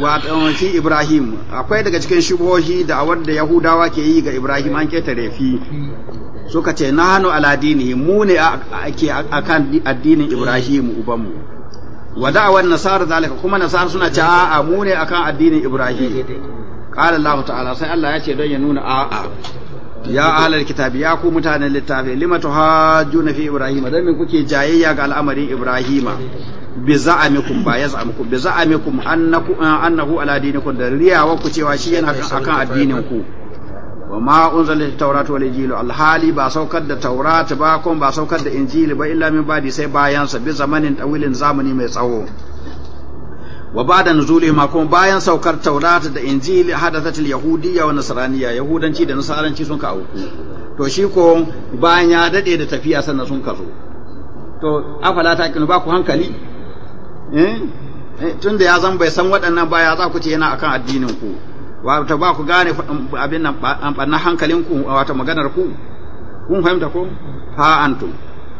wato shi Ibrahim akwai daga cikin shubohi da wadda Yahudawa ke yi ga Ibrahim an keta fi suka ce na ala dinihi mu ne ake akan addinin Ibrahim ubanmu wa da'awan nasara zalika kuma nasarar suna ce a mu ne akan addinin Ibrahim qala ta'ala sai Allah ya ce don ya nuna a'a ya ahlal kitabi ya ku mutanen littafi lima tuhajjuna fi ibrahima dan min kuke jayayya ga al'amarin ibrahima bi za'amikum ba yaz'amukum bi za'amikum annaku annahu ala dinikum da riyawa ku cewa shi yana akan addinin ku wa ma unzila at wal injil al-hali ba saukar da taurat ba kun ba saukar da injili ba illa min badi sai bayan sa bi zamanin tawilin zamani mai tsawo wa ba da ba'da ma kuma bayan saukar taurata da injil hadathat al-yahudiyya wa nasraniyya yahudanci da nasaranci sun ka auku to shi ko bayan ya dade da tafiya sannan sun ka zo to afala ta kinu ba ku hankali eh, eh tun da ya zan bai san waɗannan baya za ku ce yana akan addinin ku wato ba ku gane abin nan ɓanna hankalinku ku wato maganar ku kun fahimta ko ha antum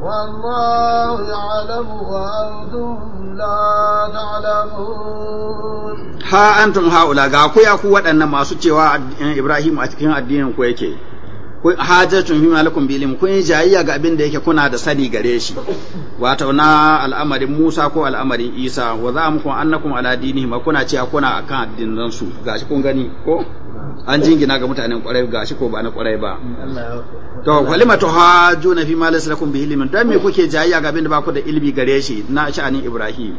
والله يعلم وأنتم لا تعلمون ها أنتم هؤلاء ga ku ya ku waɗannan masu cewa Ibrahim a cikin addinin ku yake hajatun fi malakum bi ilmi kun jayayya ga abin da yake kuna da sani gare shi wato na al'amarin Musa ko al'amarin Isa wa za mu kun annakum ala ma kuna cewa kuna akan addinan su gashi kun gani ko an jingina ga mutanen kwarai gashi ko ba na kwarai ba to walima to hajuna fi malakum bi ilmi dan me kuke jayayya ga abin da ba ku da ilmi gare shi na sha'anin Ibrahim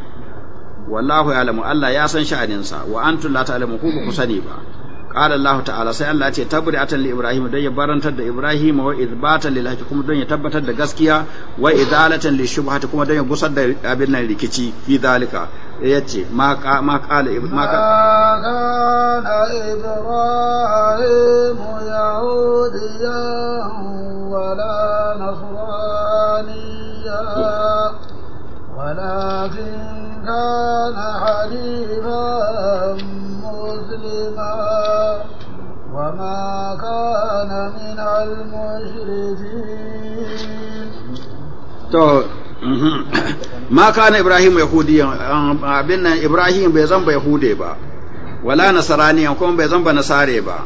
wallahu ya'lamu Allah ya san sha'aninsa wa antum la ta'lamu ku ku sani ba qala Allah ta'ala sai Allah ya ce tabri'atan li ibrahim don ya barantar da ibrahim wa idbatan lil haqi kuma don tabbatar da gaskiya wa idalatan li shubhati kuma don ya gusar da abin nan rikici fi zalika yace ma ma qala ma qala ibrahim yahudiyan wala nasraniyan ولكن كان حنيفا مسلما وما كان من المشركين mhm. ma kana ibrahim yahudiyan abin nan ibrahim bai zamba yahude ba wala nasaraniyan kuma bai zamba nasare ba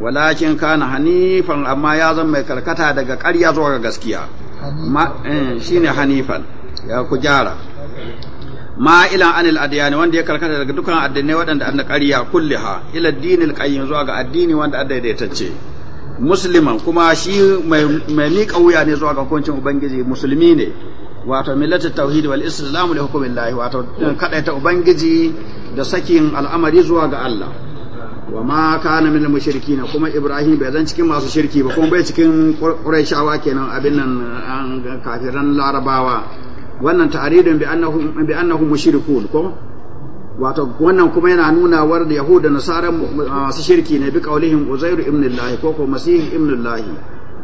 walakin kana hanifan amma ya zama mai karkata daga karya zuwa ga gaskiya eh, shine hanifan ya ku gyara ma ila anil adiyani wanda ya karkata daga dukkan addinai waɗanda an ƙarya kulliha ila dinil qayyim zuwa ga addini wanda an daidaitacce musliman kuma shi mai miƙa wuya ne zuwa ga hukuncin ubangiji musulmi ne wato millatu tauhid wal islam li hukmillahi wato kadaita ubangiji da sakin al'amari zuwa ga Allah wa ma kana min mushrikina kuma ibrahim bai zan cikin masu shirki ba kuma bai cikin quraishawa kenan abin nan kafiran larabawa wannan ta'aridun bi annahum bi annahum mushrikun ko wato wannan kuma yana nuna war da yahuda nasaran masu shirki ne bi qaulihim uzairu ibn allah ko ko masih ibn allah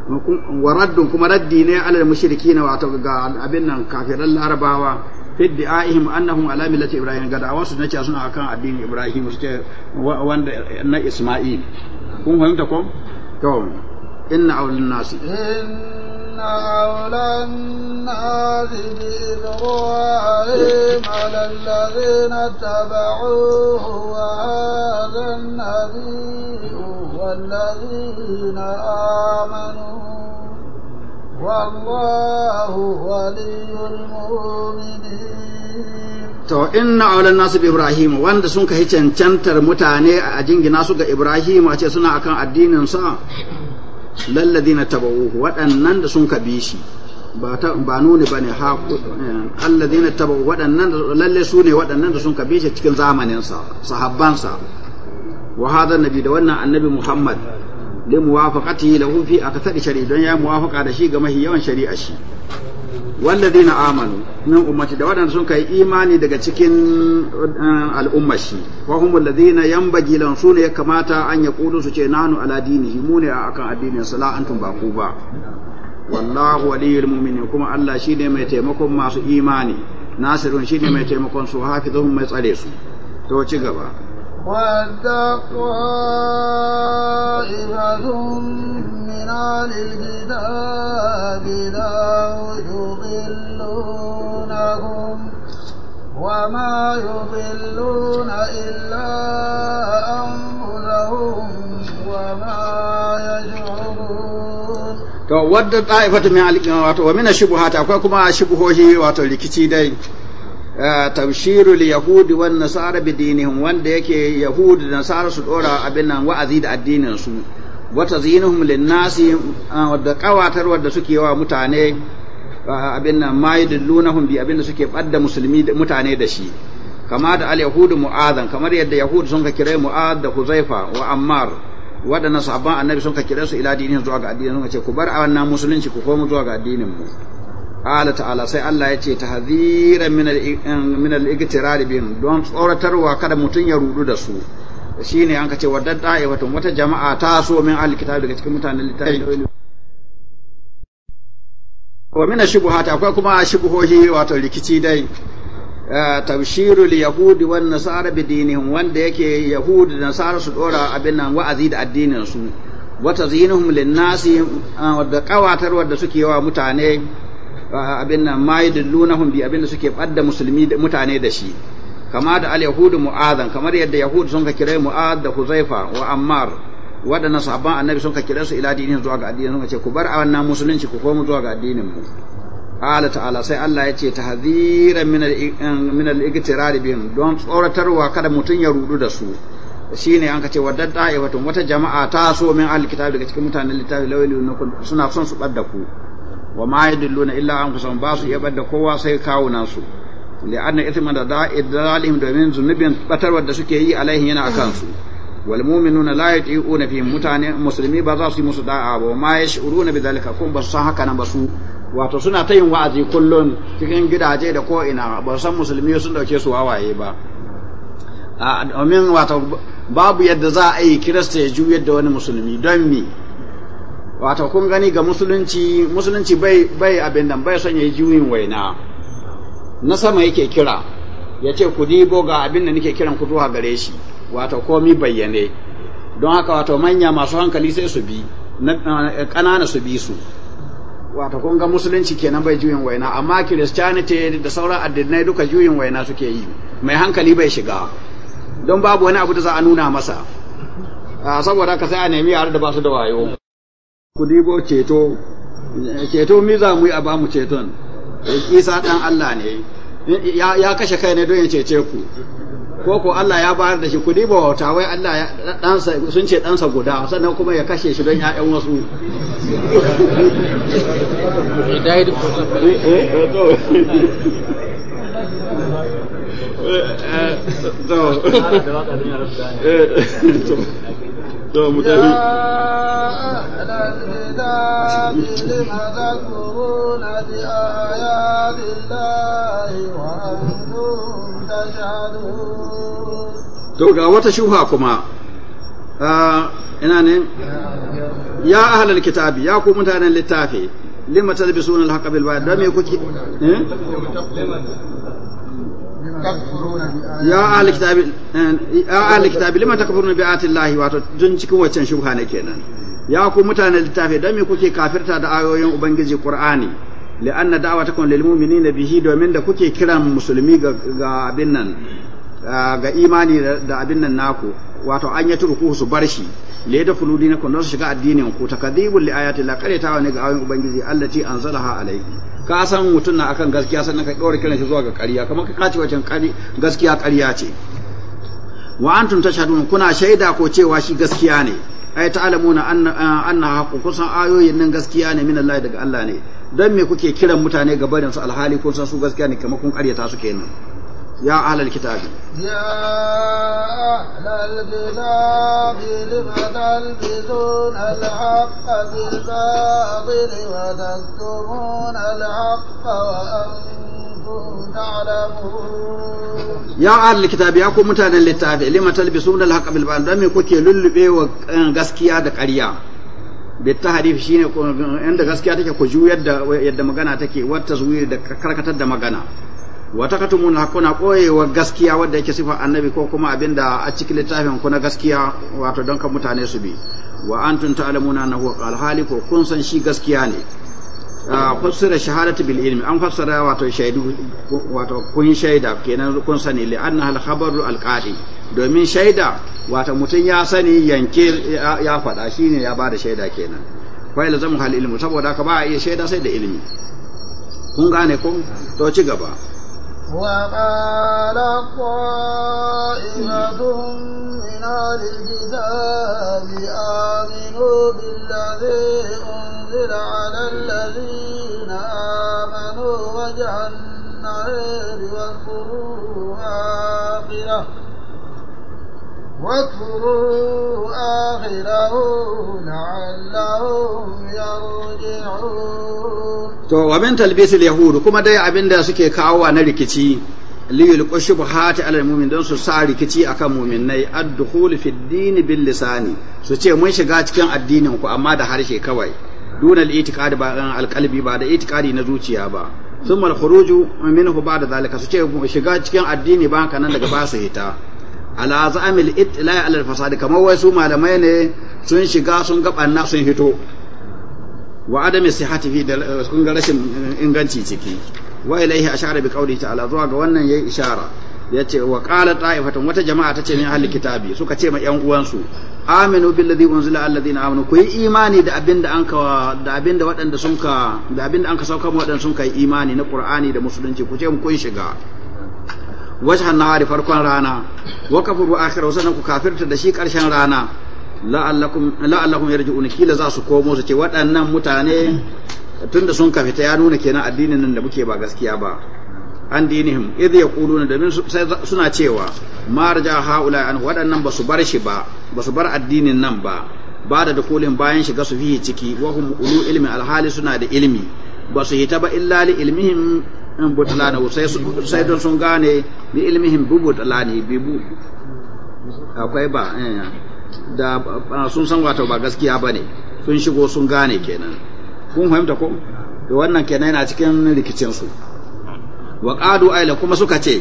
wa raddun kuma raddi ne ala mushrikin wato ga abin nan kafiran larabawa fi da'ihim annahum ala millati ibrahim ga da'awan su nace suna akan addinin ibrahim su ce wanda na isma'il kun fahimta ko to inna awlin nasi أولى الناس بإبراهيم على الذين اتبعوه وهذا النبي والذين آمنوا والله ولي المؤمنين to inna aulan nasu bi ibrahim wanda sun kai cancantar mutane a jingina su ga ibrahim a ce suna akan addinin sa lalladina tabawuhu waɗannan da sun kabi shi ba ba nuni bane ha alladina tabawu waɗannan lalle su ne waɗannan da sun kabi shi cikin zamanin sa sahabban sa wa hadha nabi da wannan annabi Muhammad li muwafaqatihi lahu fi akthari shari'a don ya muwafaqa da shi ga mahi yawan shari'a shi walladina amanu min ummati da wadanda sun kai imani daga cikin al'ummashi wa hum alladina yanbaghi lan sunu ya kamata an ya kulu su ce nanu ala dinihi mu ne akan addinin sa la antum ba ku ba wallahu waliyul mu'minin kuma Allah shine mai taimakon masu imani nasirun shine mai taimakon su hafizun mai tsare su to ci gaba والتقوى والتقائبة من أهل الكتاب لا يضلونهم وما يضلون إلا أنفسهم وما to wadda ta'ifatu min al-wato wa min ash-shubuhat akwai kuma shubuhohi wato rikici dai Eh, tabshirul yahudi wan nasara bi dinihim wanda yake yahudi da nasara su dora abin nan wa'azi da addinin su wata zinuhum linnasi eh, wadda kawatarwar wadda suke wa mutane eh, abin nan ma bi abin da suke badda musulmi mutane da shi kama da al yahudu mu'adhan kamar yadda Yahudi sun ka kire mu'ad da huzaifa wa ammar waɗannan sahabban annabi sun ka kire su ila dinin zuwa ga addinin sun ka ce ku bar a wannan musulunci ku komo zuwa ga addinin mu qala ta'ala sai Allah ya ce tahziran min al-igtirar bihim don tsoratarwa kada mutun ya rudu da su shine an kace wadda wato wata jama'a ta so min al-kitab daga cikin mutanen littafi eh. wa min ash-shubuhat akwai kuma shubuhohi wato rikici dai eh, tabshirul yahudi wan nasara bi dinihim wanda yake yahudi da nasara su dora abin nan wa'azi da addinin su wa tazinuhum lin-nasi ah, da qawatar da suke wa mutane abin nan da yadillunahum bi abin da suke badda musulmi mutane da shi kama da al-yahudu mu'adhan kamar yadda yahudu sun ka kira mu'adh da huzaifa wa ammar waɗannan sahabban annabi sun ka kira su ila dinin zuwa ga addinin sun ka ce ku bar a wannan musulunci ku komo zuwa ga addinin mu qala ta'ala sai Allah ya ce tahziran min eh, min al-iqtirar bihim don tsoratarwa kada mutun ya rudu da su shine an ka ce wadda da'iwatun wata jama'a ta so min al-kitab daga cikin mutanen littafi lawali suna son su bar da ku wa ma yadulluna illa anfusahum ba su yabar da kowa sai nasu su li'anna ithma da da'idalim domin zunubin batarwar da suke yi alaihin yana akan su wal mu'minuna la yuti'una fi mutane musulmi ba za su yi musu da'a ba ma yash'uruna bidhalika kun ba su san haka nan ba su wato suna ta yin wa'azi kullun cikin gidaje da ko ina ba san musulmi sun dauke su wawaye ba domin wato babu yadda za a yi kirista ya juyar da wani musulmi don mi wato kun gani ga musulunci musulunci bai bai abin nan bai son juyin waina na sama yake kira ya ce ku dibo ga abin da nake kiran ku zuwa gare shi wato komi bayyane don haka wato manya masu hankali sai su bi ƙanana su bi su wato kun ga musulunci kenan bai juyin waina amma christianity da sauran addinai duka juyin waina suke yi mai hankali bai shiga don babu wani abu da za a nuna masa ah, saboda ka sai a nemi yare da ba su da wayo ku dibo ceto ceto mi za mu yi a ba mu ceton isa dan Allah ne ya kashe kai ne don ya cece ku ko ko Allah ya bayar da shi ku dibo wauta wai Allah ya dansa sun ce dansa guda sannan kuma ya kashe shi don ya'yan wasu eh, eh, eh, to أهل الكتاب To ga wata shuha kuma, ina ne? Ya ahalar kitabi, ya ku mutanen littafi, lima talbisun alhaqa bil batil, don me kuke? ya ahli kitabi eh, ya ahli kitabi lima takfuruna bi ayati llahi wato cikin waccan shubha ne kenan ya ku mutanen littafi dan me kuke kafirta da ayoyin ubangiji qur'ani li'anna da'watakum lil mu'minina bihi domin da kuke kiran musulmi ga abin nan eh, ga imani da abin nan naku wato an yi turku su bar shi le da fuludi na kun su shiga addinin ku takadibul li ayati la qaryatawa ne ga ayoyin ubangiji allati anzalaha alayhi ka san mutum na akan gaskiya sannan ka ɗora kiran shi zuwa ga ƙarya kuma ka kace wacan gaskiya ƙarya ce wa antum tashhadun kuna shaida ko cewa shi gaskiya ne ai ta'lamuna anna eh, anna haqqu kusan ayoyin nan gaskiya ne min Allah daga Allah ne dan me kuke kiran mutane ga barin su alhali kun san su gaskiya ne kamar kun ƙaryata su kenan يا أهل الكتاب يا أهل الكتاب لم تلبسون الحق بالباطل وتكتمون الحق وأنتم تعلمون يا أهل الكتاب يا كم متان للتابع لم تلبسون الحق بالباطل لم يكن يلبي وغسكيا دكاريا بالتحريف شيء عند غسكيا تكي كجو يد يد مغانا تكي والتزوير دكركتت دمغانا wa mun hakuna koyewa gaskiya wadda yake sifa annabi ko kuma abinda a cikin littafin ku na gaskiya wato don ka mutane su bi wa antum ta'lamuna annahu alhali ko kun san shi gaskiya ne ah, fassara shahadatu bil ilmi an fassara wato shaidu wato kun shaida kenan kun sani li anna al khabaru al qadi domin shaida wato mutun ya sani yanke ya faɗa ne ya bada shaida kenan fa mu hal ilmu saboda ka ba iya shaida sai da ilmi kun gane ko to ci gaba وقال طائفة من أهل الكتاب آمنوا بالذي أنزل على الذين آمنوا وجه النهار واذكروا آخره واذكروا آخره لعلهم to wa min talbisil yahudu kuma dai abinda suke kawowa na rikici li yulqu shubuhati ala don su sa rikici akan mu'minnai ad-dukhul fi ad-din bil lisani su ce mun shiga cikin addinin ku amma da harshe kawai dun al-i'tiqad ba dan eh, al-qalbi ba da i'tiqadi na zuciya ba thumma al-khuruju minhu ba'da zalika su ce mu shiga cikin addini ba nan daga ba su hita ala za'amil ittila ala fasadi kamar wai su malamai ne sun shiga sun gabanna sun hito wa adami sihati fi da eh, kun ga rashin eh, inganci ciki wa ilaihi ashara bi qawli ta'ala zuwa ga wannan yayi ishara yace wa qala ta'ifatan wata jama'a ce min ahli kitabi suka ce ma yan uwansu aminu billadhi unzila alladhina amanu ku yi imani da abinda anka da abinda waɗanda sun ka da abinda anka sauka mu waɗanda sun kai imani na qur'ani da musulunci ku ce mu kun shiga wajhan nahari farkon rana wa kafuru akhira sanan ku kafirta da shi karshen rana la'allakum la'allakum yarji'un kila za su komo su ce waɗannan mutane tunda sun kafita ya nuna kenan addinin nan da muke ba gaskiya ba an dinihim idh yaquluna da suna cewa marja haula an waɗannan ba su bar shi ba ba su bar addinin nan ba ba da dukulin bayan shiga su fiye ciki wa hum ulu ilmi alhali suna da ilmi ba su hita ba illa li ilmihim in butlana sai sai don sun gane bi ilmihim bi butlani bi bu akwai ba eh, da sun san wato ba gaskiya bane sun shigo sun gane kenan kun fahimta ko da wannan kenan yana cikin rikicin su wa qadu aila kuma suka ce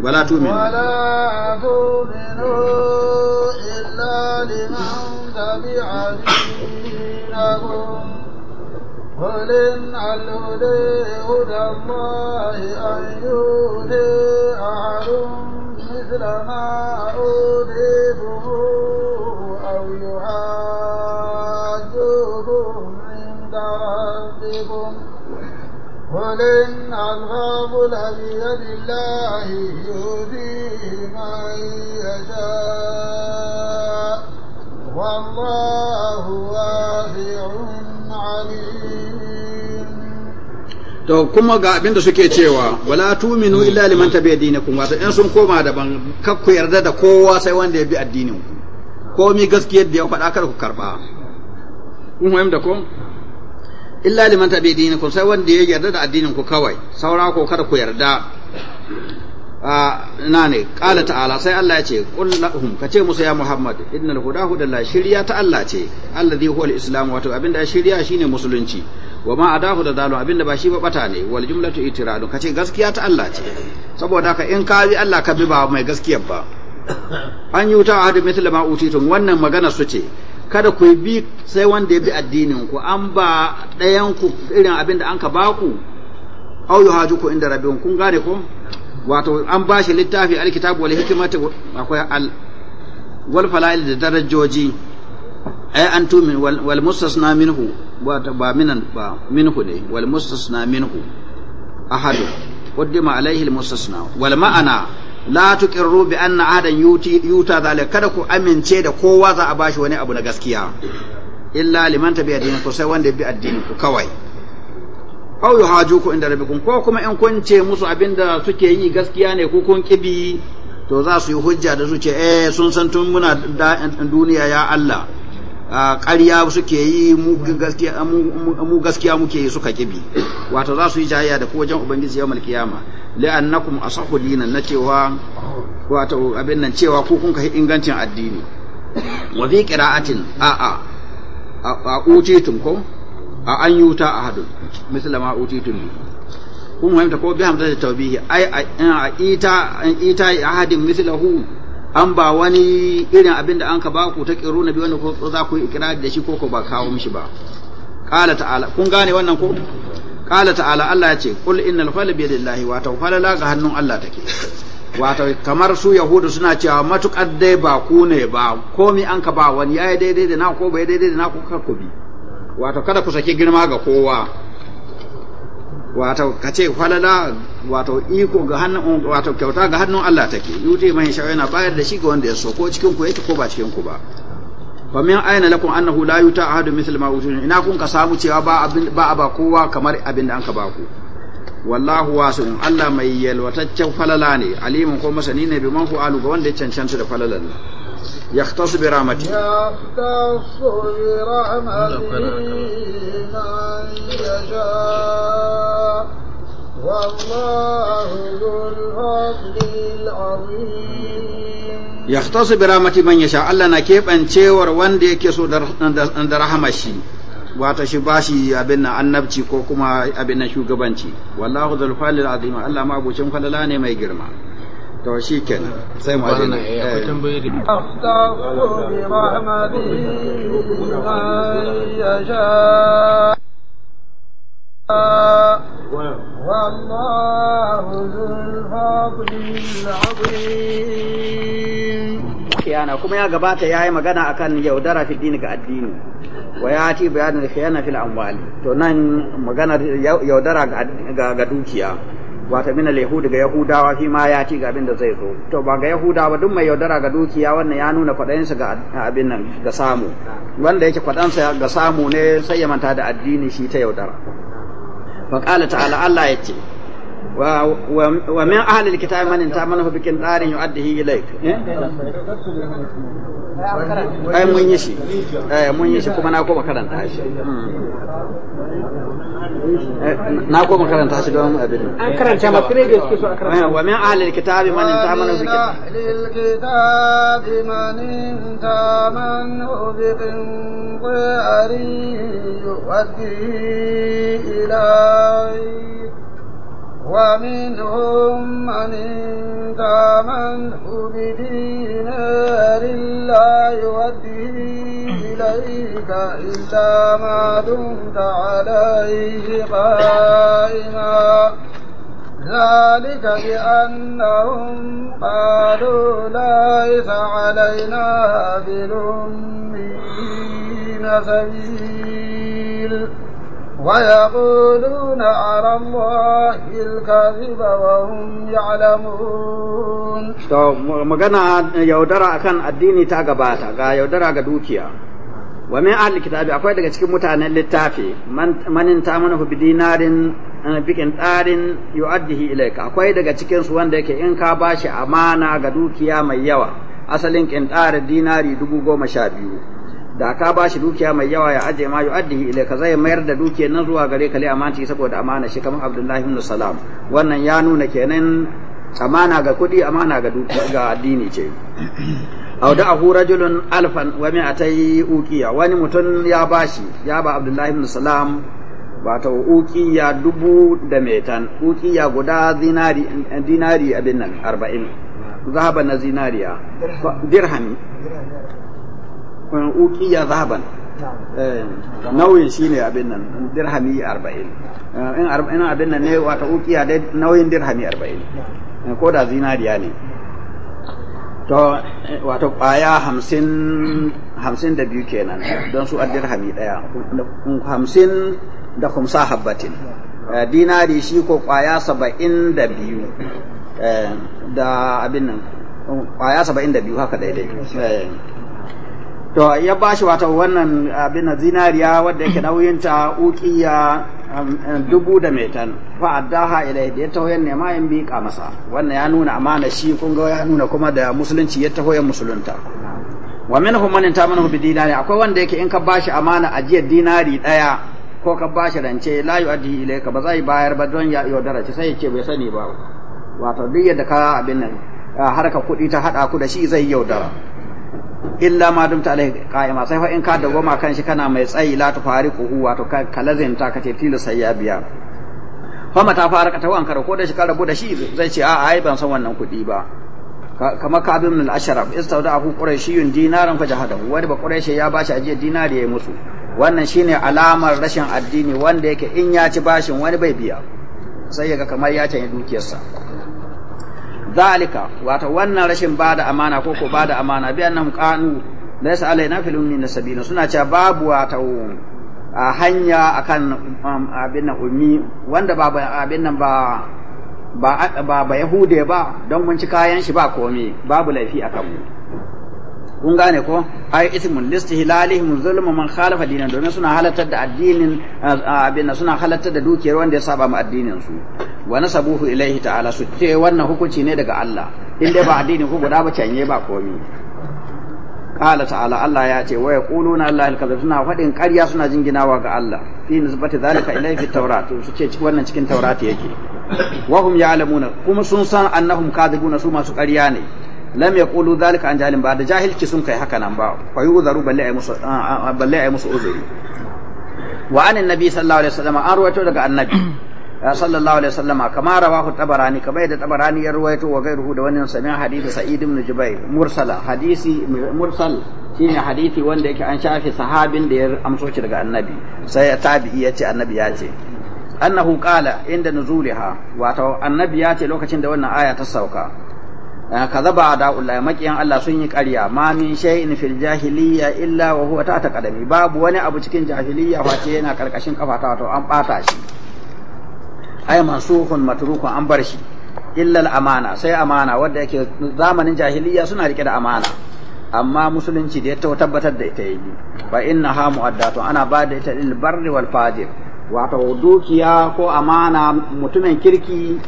wala tu'minu wala tu'minu illa liman tabi'a قل إن الهدي هدى الله أن يؤتي أحد مثل ما أوتيتم أو يحاجوكم عند ربكم قل إن الغاب بيد الله يؤتيه من يشاء والله واسع عليم to kuma ga abin da suke cewa wala tuminu illa liman tabi'a dinakum wato in sun koma daban kar ku yarda da kowa sai wanda ya bi addinin ku komi gaskiyar da ya faɗa kar ku karba kun da ko illa liman tabi'a dinakum sai wanda ya yarda da addinin ku kawai saura ko kada ku yarda na ne qala ta'ala sai Allah ya ce qul lahum ka ce musu ya Muhammad innal huda hudallahi shirya ta Allah ce alladhi huwa al-islam wato abinda shirya shine musulunci wa ma adahu da dalu abinda ba shi ba bata ne wal jumlatu itiradu kace gaskiya ta Allah ce saboda ka in ka bi Allah ka bi ba mai gaskiya ba an yi wuta ahadu mithla ma utitum wannan magana su ce kada ku bi sai wanda ya bi addinin ku an ba ɗayan ku irin abinda an ka ba ku au yuhaju ku inda rabbihum kun gane ko wato an ba shi littafi alkitabu wal hikmata akwai al wal falail da darajoji ay antum wal mustasna minhu wata ba minan ba minhu ne wal mustasna minhu ahadu qaddima alaihi al mustasna wal ma'ana la tuqirru bi anna ahadan yuti yuta zalika kada ku amince da kowa za a bashi wani abu na gaskiya illa liman tabi addinin ku sai wanda bi addini ku kawai aw yuhajuku inda rabbikum ko kuma in kun ce musu abinda suke yi gaskiya ne ku kun kibi to za su yi hujja da su ce eh sun san tun muna duniya ya Allah ƙarya suke yi mu gaskiya muke yi suka kibi wato za su yi jayayya da kowajen ubangiji yau malkiyama la'annakum asahu dinan na cewa wato abin nan cewa ko kun ka ingancin addini wa fi qira'atin a a a utitum ko a an yuta ahadun misla ma utitum kun fahimta ko bi hamza da tawbihi ai a ita an ita ahadin mislahu an ba wani irin abin da an ka ba ku ta ƙiru na biyu wanda ko za ku yi ikirari da shi ko ko ba kawo mishi ba qala ta'ala kun gane wannan ko qala ta'ala Allah ya ce qul innal fala bi yadillahi wa ta la ga hannun Allah take wato kamar su yahudu suna cewa matukar dai ba ku ne ba komi an ka ba wani yayi daidai da na ko bai daidai da na ko kar ku bi wato kada ku saki girma ga kowa wato ka ce falala wato iko ga hannun wato kyauta ga hannun Allah take yuti mai shawai na bayar da shi ga wanda ya so ko cikin ku yake ko ba cikin ku ba fa min ayna lakum annahu la yuta ahadu mithl ma utun ina kun ka samu cewa ba abin ba ba kowa kamar abin da anka ka ku. wallahu wasu'n Allah mai yalwataccen falala ne alimin ko masani ne bi man fu'alu ga wanda ya cancanta da falalan يختص برحمته يختص برحمته من يشاء والله ذو الفضل العظيم يختص برحمته من يشاء الله كيف ان تشور وان دي كيسو در رحمته wata shi ba shi abin nan annabci ko kuma abin nan shugabanci wallahu dhul fadlil azim Allah ma abucin falala ne mai girma to shi kenan sai mu aje nan eh, akwai eh. tambayoyi da والله ذو الفضل العظيم khiyana kuma ya gabata ya yi magana a kan yau dara fi dini ga addini wa ya ci bayanin khiyana fil amwali to nan yau dara ga dukiya wata mina lehu daga ga yahudawa fi ma ya ci ga abin da zai zo to ba ga yahudawa duk mai yaudara ga dukiya wannan ya nuna kwaɗayinsa ga abin nan ga samu wanda yake kwaɗansa ga samu ne sai ya manta da addini shi ta yaudara fa qala ta'ala Allah yace ومن أهل الكتاب من تأمنه بكنار يؤديه إليك إيه؟ أي من يشي أي من يشي كما ناكو مكرن تاشي أه، ناكو مكرن تاشي دوم أبدا أكرن شما كريدي ومن أهل الكتاب من تأمنه بكنار الكتاب من تأمنه بكنار يؤديه إليك ومنهم من تامنه بدينار لا يؤديه إليك إلا ما دمت عليه قائما ذلك بأنهم قالوا ليس علينا بالأمين سبيل ويقولون على الله الكذب وهم يعلمون to magana yaudara akan addini ta gabata ga yaudara ga dukiya wa min ahli kitabi akwai daga cikin mutanen littafi manin ta mana bi dinarin eh, bikin tsarin yu'addihi ilaika akwai daga cikin su wanda yake in ka bashi amana ga dukiya mai yawa asalin kintarin dinari dubu goma sha biyu da ka ba shi dukiya mai yawa ya aje ma ile ka zai mayar da dukiyar nan zuwa gare ka lai amanci saboda amana shi kamar Abdullahi ibn Salam wannan ya nuna kenan amana ga kudi amana ga ga addini ce aw da ahu rajulun alfan wa mi'atai uqiya wani mutum ya bashi ya ba Abdullahi ibn Salam wato uqiya dubu da metan uqiya guda dinari dinari abin nan 40 zahaban na zinariya dirhami uqiya zahaban eh, nauyin shi ne abin nan dirhami arba'in eh, in abin nan ne wata ukiya dai nauyin dirhami arba'in eh, ko da zinariya ne to wata kwaya hamsin da biyu kenan don su a dirhami daya hamsin da kumsa habbatin dinari shi ko kwaya saba'in da biyu da abin nan kwaya saba'in da biyu haka daidai to ya ba shi wata wannan abin na zinariya wadda yake nauyinta ukiya um, um, dubu da metan fa addaha ila da ya taho yan nema in ka masa wannan ya nuna amana shi kun ga ya nuna kuma da musulunci ya ta yan musulunta wa minhum man tamanu bi dinari akwai wanda yake in ka bashi amana ajiyar dinari daya ko ka bashi rance la yu'addi ilayka ba zai bayar ba don ya yaudara sai ya ce bai sani ba wato duk yadda ka abin nan harka kuɗi ta hada ku da shi zai yaudara illa ma dumta alai qa'ima sai fa in ka dawoma kan shi kana mai tsayi la ta fariqu huwa to ka lazimta ka ce tilas sai ya biya fa mata fara ta wankara ko da shi ka rabu da shi zai ce a ai ban san wannan kuɗi ba kama ka bin al asharaf istauda aku yun dinaran fa jahada wani ba quraishi ya bashi ajiya dinari yayi musu wannan shine alamar rashin addini wanda yake in ya ci bashin wani bai biya sai ya ga kamar ya canye dukiyarsa zalika wato wannan rashin bada amana ko ko da amana bi annam qanu laysa alaina fil na nasabina suna cewa babu wato a hanya akan um, abin nan ummi wanda ba abin nan ba ba ba yahude ba don mun ci kayan shi ba komai babu laifi akan mu kun gane ko ay ismun listihlalihim zulmu man khalafa dinan domin suna halartar da addinin abin suna halatar da dukiyar wanda ya saba ma addinin su wa nasabuhu ilaihi ta'ala su ce wannan hukunci ne daga Allah in dai ba addini ku guda ba canye ba komi qala ta'ala Allah ya ce wa yaquluna Allah al-kadhib suna fadin ƙarya suna jinginawa ga Allah fi nisbati zalika ilaihi fi tawrat su ce wannan cikin tawrat yake wa hum ya'lamuna kuma sun san annahum kadhibuna su masu ƙarya ne lam yaqulu zalika an jahilin ba da jahilci sun kai haka nan ba fa yuzaru balle ay musu balle ay musu uzuri wa anan nabi sallallahu alaihi wasallam an ruwaito daga annabi sallallahu alaihi wasallam kama rawahu tabarani kamar da tabarani ya ruwaito wa gairuhu da wannan sami hadisi sa'id ibn jubair mursala hadisi mursal shine hadisi wanda yake an shafi sahabin da ya amso shi daga annabi sai tabi'i yace annabi ya ce annahu qala inda nuzuliha wato annabi ya ce lokacin da wannan aya ta sauka Eh, kazaba da'ullah makiyan Allah sun yi ƙarya ma min shay'in fil jahiliyya illa wa huwa ta taqadami babu wani abu cikin jahiliyya face yana karkashin kafata to an bata shi ay mansukhun matrukun an bar shi illa amana sai amana wanda yake zamanin jahiliyya suna rike da amana amma musulunci da ya tabbatar da ita yi fa mu'adda mu'addatu ana ba da ita lil barri wal fajir wato dukiya ko amana mutumin kirki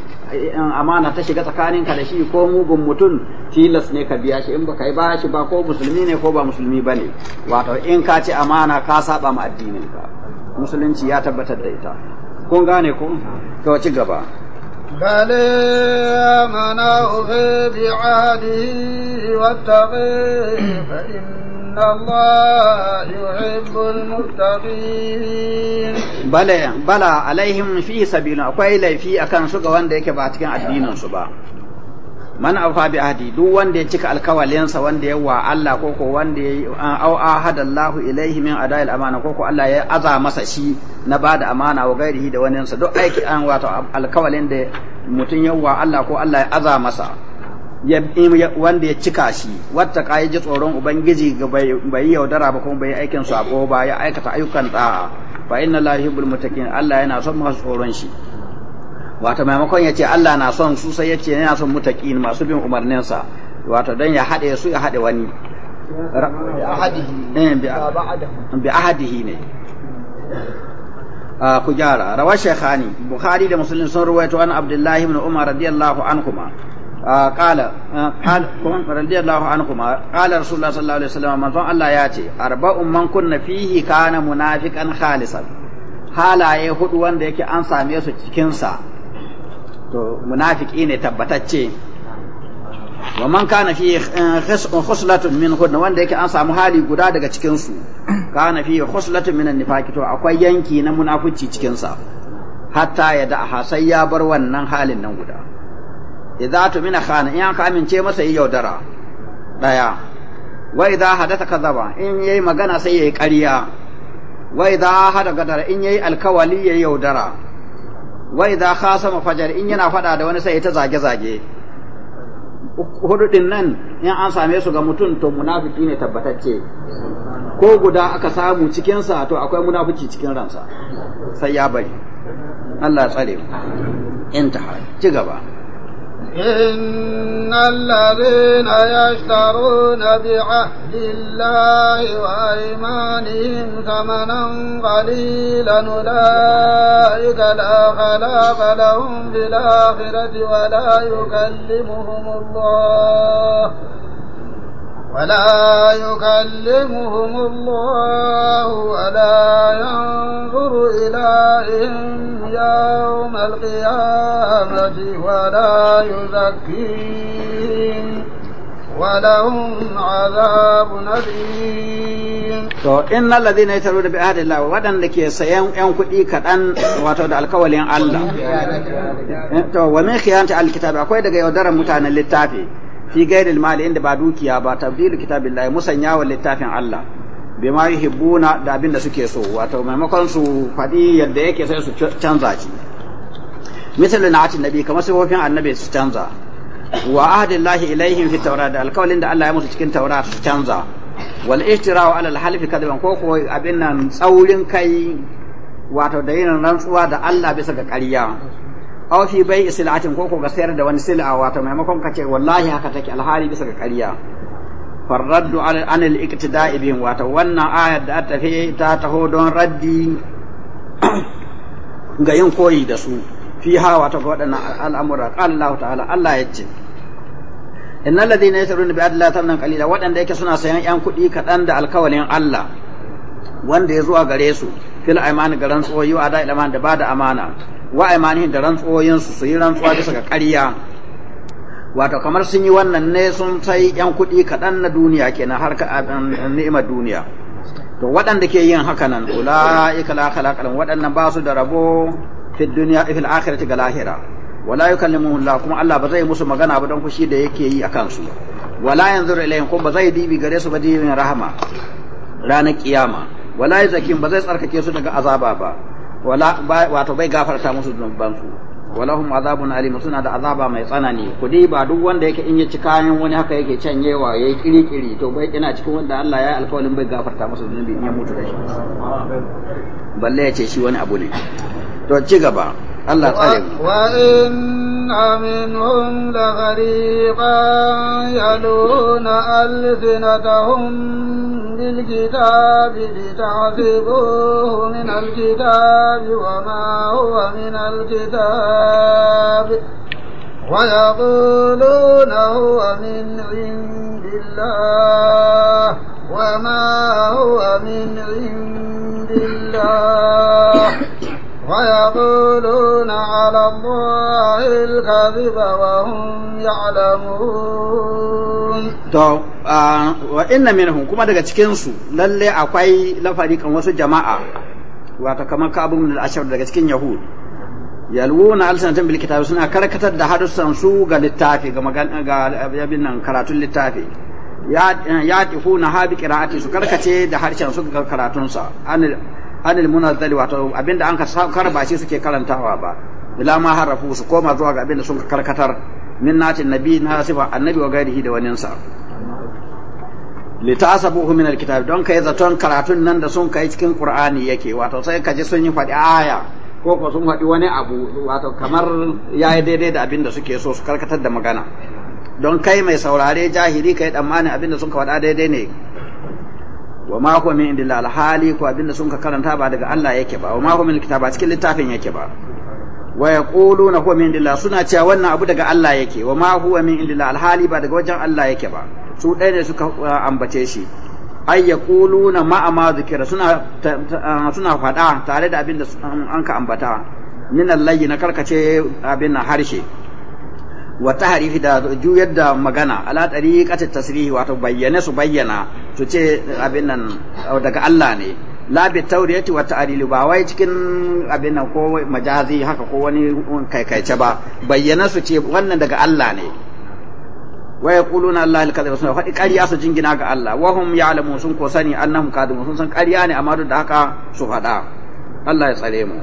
amana ta shiga tsakanin ka da shi ko mugun mutum tilas ne ka biya shi in baka yi ba shi ba ko musulmi ne ko ba musulmi ba ne wato in ka ci amana ka saba ma addinin ka musulunci ya tabbatar da ita kun gane ko to ci gaba بل آمن أوفي بعهده واتقي فإن الله يحب المتقين بلى بلى عليهم في سبيل أقوي لي في أكان سوق وان ديك أدين سبا man afa bi ahdi duk wanda ya cika alkawalinsa wanda ya wa Allah ko ko wanda ya au ahadallahu ilaihi min ada'il amana ko ko Allah ya aza masa shi na bada amana wa gairihi da wani sa duk aiki an wato alkawalin da mutum yawa Allah ko Allah ya aza masa wanda ya cika shi wata ka ji tsoron ubangiji ga bai yaudara ba kuma bai aikin sako ba ya aikata ayyukan da'a fa inna lahi yuhibbul Allah yana son masu tsoron shi wato maimakon ce Allah na son su sai yace yana son muttaqin masu bin umarninsa sa wato ya hade su ya hade wani eh, bi ahadihi ne ku gyara rawar shekhani bukhari da musulun sun ruwaito an abdullahi ibn umar radiyallahu an kuma qala kun radiyallahu anhuma qala rasulullah sallallahu alaihi wasallam manzon Allah ya ce arba'un man kunna fihi kana munafiqan khalisan halaye hudu wanda yake an same su cikin sa to munafiki ne tabbatacce wa man kana fi khuslatun min hudna wanda yake an samu hali guda daga cikin su kana fi khuslatun min nifaqi to akwai yanki na munafici cikin sa hatta ya da sai ya bar wannan halin nan guda idza min khana in an amince masa yi yaudara daya wa idza hadatha kadhaba in yayi magana sai yayi ƙarya wa idza hada gadara in yayi alkawali yayi yaudara wa idza khasama fajar in yana fada da wani sai ta zage zage hudu din nan in an same su ga mutum to munafiki ne tabbatacce ko guda aka samu cikinsa to akwai munafiki cikin ransa sai ya bari Allah tsare intaha ci gaba إن الذين يشترون بعهد الله وأيمانهم ثمنا قليلا أولئك لا خلاق لهم في الآخرة ولا يكلمهم الله ولا يكلمهم الله ولا ينظر إليهم يوم القيامة ولا يزكيهم ولهم na أليم to inna alladhina da bi ahdi waɗanda ke sayan yan kuɗi kaɗan wato da alkawalin Allah to wa min khiyanati alkitabi akwai daga yaudarar mutanen littafi fi gairil mali inda ba dukiya ba tabdilu kitabillahi musanya wa littafin Allah bima yuhibbuna da abinda suke so wato maimakon su faɗi yadda yake sai su canza shi misali na nabi kamar sifofin annabi su canza wa ahdillahi ilaihim fi tawrat da alkawalin da Allah ya musu cikin tawrat su canza wal ihtira wa alal halfi kadaban ko ko abin nan tsaurin kai wato da yin rantsuwa da Allah bisa ga ƙarya aw fi bai'i sil'atin ko ko ga sayar da wani sil'a wato maimakon ka ce wallahi haka take alhali bisa ga ƙarya farraddu an al-iqtida'i bihim wato wannan ayar da ta ta taho don raddi ga yin koyi da su fi wato ga wadannan al'amura Allah ta'ala Allah ya ce innal ladina yasrun bi adla tamnan qalila waɗanda yake suna sayan yan kuɗi kaɗan da alkawalin Allah wanda ya zuwa gare su fil aymani garan tsoyi wa da da ba da amana wa aimanihin da rantsoyin su yi rantsuwa bisa ga ƙarya wato kamar sun yi wannan ne sun sai yan kuɗi kaɗan na duniya kenan har ka ni'imar duniya to waɗanda ke yin haka nan ula'ika la khalaqal waɗannan ba su da rabo fi duniya fil akhirati ga lahira wala kalli Allah kuma Allah ba zai musu magana ba don kushi da yake yi akan su wala yanzuru ilayhim kuma ba zai dibi gare su ba dibin rahama ranar kiyama wala zakin ba zai tsarkake su daga azaba ba wala wato bai gafarta musu wala hum azabun alim suna da azaba mai tsanani ku kudi ba duk wanda yake in ya ci kayan wani haka yake canyewa yayi kiri to bai ina cikin wanda Allah ya alƙawarin bai gafarta musu zunubi in ya mutu da shi balle ya ce shi wani abu ne to ci gaba Allah tsare wa in منهم لغريقا يلون ألسنتهم بالكتاب لتحسبوه من الكتاب وما هو من الكتاب ويقولون هو من عند الله وما هو من عند الله ويقولون على الله الكذب وهم يعلمون to wa inna minhum kuma daga cikin su lalle akwai lafari kan wasu jama'a wato kamar ka abu min al-ashar daga cikin yahud yalwuna alsanatan bil kitab suna karkatar da harusan su ga littafi ga ga nan karatun littafi ya tifuna habi bi qira'ati su karkace da harshen su ga karatun sa anil munazzali wato abinda an ba shi suke karantawa ba ila ma harafu su koma zuwa ga abinda sun karkatar min natin nabi na sifa annabi wa gairihi da waninsa litasabuhu min alkitab don kai zaton karatun nan da sun kai cikin qur'ani yake wato sai ka ji sun yi faɗi aya ko ko sun faɗi wani abu wato kamar yayi daidai da abinda suke so su karkatar da magana don kai mai saurare jahili kai tsammanin abinda sun ka faɗa daidai ne wa ma huwa min indillah alhali ko abinda sun ka karanta ba daga Allah yake ba wa ma huwa min kitaba cikin littafin yake ba wa yaquluna huwa min indillah suna cewa wannan abu daga Allah yake wa ma huwa min indillah alhali ba daga wajen Allah yake ba su dai ne suka uh, ambace shi ay yaquluna ma ma zikira suna uh, suna faɗa tare da abinda an ka ambata min allahi na karkace abin harshe wa tahrifi da juyar da magana ala tariqati tasrihi wato bayyane su bayyana su ce abin nan daga Allah ne la bi tawriyati wa ta'dili ba wai cikin abin nan ko majazi haka ko wani kaikaice ba bayyana su ce wannan daga Allah ne wai yaquluna Allah al-kadhib sun faɗi qariya su jingina ga Allah wa hum ya'lamu sun ko sani annahum kadhibun sun san qariya ne amma duk da haka su haɗa Allah ya tsare mu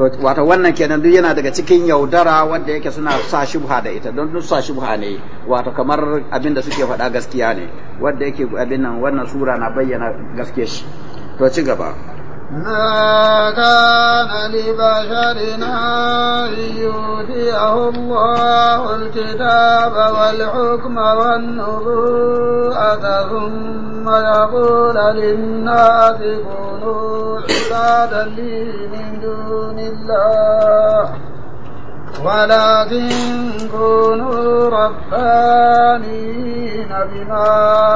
wato wannan kenan duk yana daga cikin yaudara wanda yake suna sa shubha da ita don duk sa shubha ne wato kamar abin da suke faɗa gaskiya ne wanda yake abin nan wannan sura na bayyana gaskiyar shi to ci gaba ما كان لبشر أن يؤتيه الله الكتاب والحكم والنبوءة ثم يقول للناس كونوا عبادا لي من دون الله ولكن كونوا ربانين بما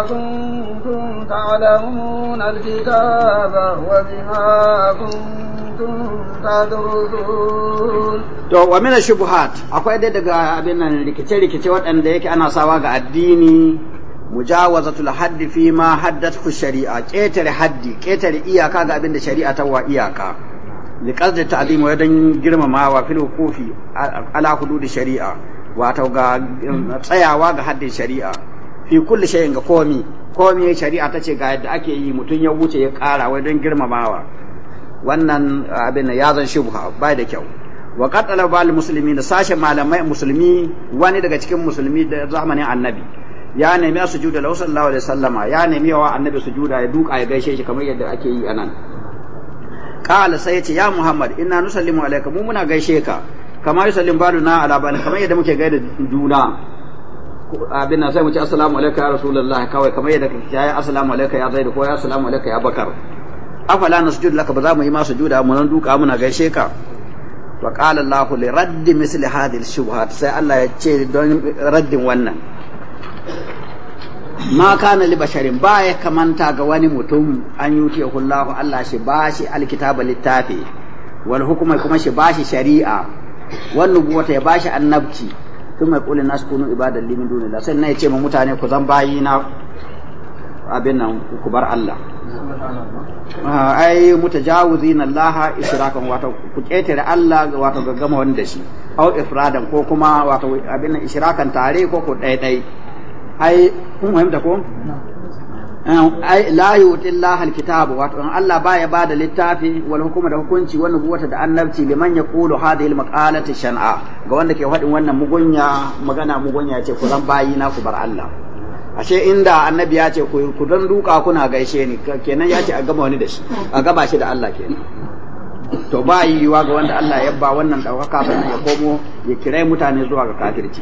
كنتم تعلمون الكتاب وبما كنتم تدرسون to wa min shubuhat akwai dai daga abin nan rikice rikice waɗanda yake ana sawa ga addini mujawazatul haddi fi ma haddathu shari'a ƙetare haddi ƙetare iyaka ga abin da shari'a ta wa iyaka liqasd ta'zim wa dan girmamawa fil hukufi ala hudud shari'a wato ga tsayawa ga haddin shari'a fi kulli shay'in ga komi komi shari'a tace ga yadda ake yi mutun ya wuce ya kara wai don girmamawa wannan abin ya zan shubha bai da kyau wa qatala bal muslimin sashe malamai musulmi wani daga cikin musulmi da zamanin annabi ya nemi sujuda lahu sallallahu alaihi wasallama ya nemi wa annabi sujuda ya duka ya gaishe shi kamar yadda ake yi anan qala sai yace ya muhammad inna nusallimu alayka mu muna gaishe ka kama yusallimu baduna ala bani kamar yadda muke gaida juna abin nan sai mu ce assalamu alayka ya rasulullah kawai kamar yadda kake ya assalamu alayka ya zaid ko ya assalamu alayka ya bakar afala nasjud laka ba za mu yi ma sujuda mu nan duka muna gaishe ka wa qala allah li raddi misli hadhihi shubhat sai allah ya ce don raddin wannan ma kana li basharin ba ya kamanta ga wani mutum an ke Allahu Allah shi ba shi alkitaba littafi wal hukuma kuma shi ba shi shari'a wal nubuwata ya ba shi annabci tun mai kulin nasu kunu ibadar limin dunila sai na ya ce ma mutane ku zan bayi na abin nan ku bar Allah ah, ai mutajawizin Allah israkan wato ku ƙetare Allah wato gaggama wanda shi au ifradan ko kuma wato abin nan israkan tare ko ku ɗaiɗai ai kun fahimta ko ai la yuti Allah alkitab wato Allah baya ba da littafi wal hukuma da hukunci wannan buwata da annabci liman yaqulu hadhihi almaqalati shan'a ga wanda ke fadin wannan mugunya magana mugunya ce ku zan bayi na ku bar Allah ashe inda annabi ya ce ku ku dan duka kuna gaishe ni kenan ya ce a gama wani da shi a gaba shi da Allah kenan to ba yiwuwa ga wanda Allah ya ba wannan dauka ba ya komo ya kirai mutane zuwa ga kafirci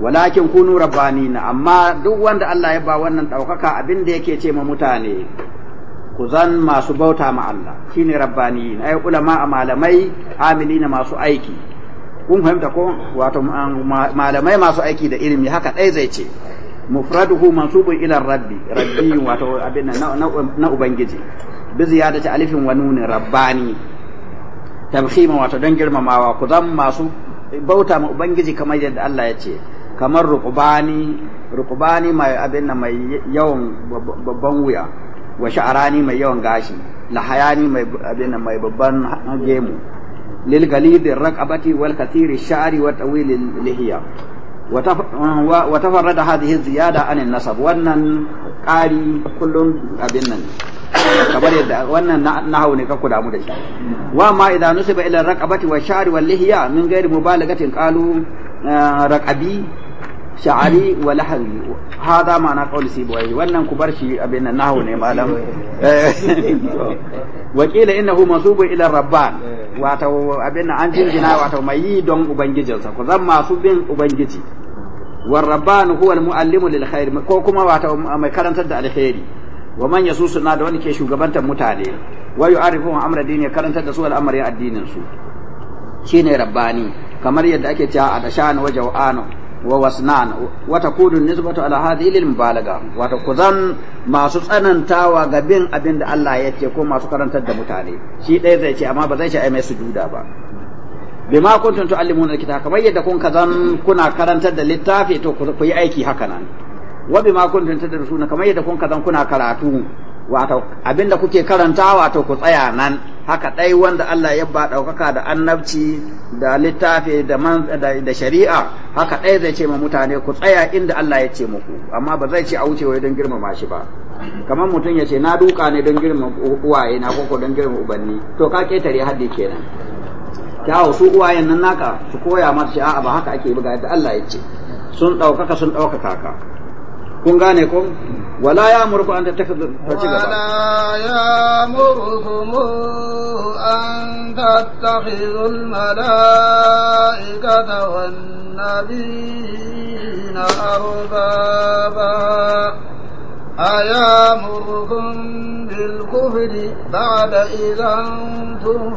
walakin kunu na amma duk wanda Allah ya ba wannan ɗaukaka abin da yake ce ma mutane ku zan masu bauta ma Allah shine na. ai ulama a malamai na masu aiki kun fahimta ko wato malamai masu aiki da ilimi haka dai zai ce mufraduhu mansubun ila rabbi rabbi wato abin na, na, ubangiji bi ziyadati alifin wa nunin rabbani tabkhima wato don girmamawa ku zan masu bauta ma ubangiji kamar yadda Allah ya ce kamar rukubani rukubani mai abin da mai yawan babban wuya wa sha'arani mai yawan gashi lahayani mai abin da mai babban gemu lil galidir raqabati wal kathiri sha'ri wa tawil lihiya وتفرد هذه الزيادة عن النسب wannan قاري kullum abin nan kamar yadda wannan nahawu ne ka kudamu da shi wa ma idza nusiba ila raqabati wa shari wal lihiya min ghairi mubalagatin qalu eh, raqabi sha'ari wa lahawi hada ma'ana qawl sibawai wannan ku bar shi abin nan nahu ne malam wa qila innahu mansubun ila rabban wato abin nan an jingina wato mai yi don ubangijinsa ku zan masu bin ubangiji war rabban huwa al muallimu lil khair ko kuma wato mai karantar da alkhairi wa man yasusu na da wani ke shugabantar mutane wa yu'arifu amra dini karantar da su al'amarin addinin su shine rabbani kamar yadda ake cewa a dashan wa wa wasnan wa takunu nisbatu ala hadhihi lil mubalagha kuzan masu tsanantawa ga bin abin da Allah ya ce ko masu karantar da mutane shi ɗaya zai ce amma ba zai shi ai mai sujuda ba bima kuntum tu'allimuna alkitab kamar yadda kun kazan kuna karantar da littafi yi aiki haka nan wa kamar yadda kun kazan kuna karatu wato abinda kuke karanta wato ku tsaya nan haka ɗai wanda Allah ya ba ɗaukaka da annabci da littafi da shari'a haka ɗai zai ce ma mutane ku tsaya inda Allah ya ce muku amma ba zai ce a wuce wai don girmama shi ba kamar mutum ya ce na duka ne don girmama uwaye na koko don girmama ubanni to ka ketare haddi kenan kyawu su uwayen nan naka su koya mata a'a ba haka ake buga da Allah ya ce sun ɗaukaka sun ɗaukaka ka kun gane ko wala ya murku an ta ci gaba wala ya murku mu an tattakhidhu al malaikata wan nabiyina arbaba ayamurukum bil kufri ba'da idan tum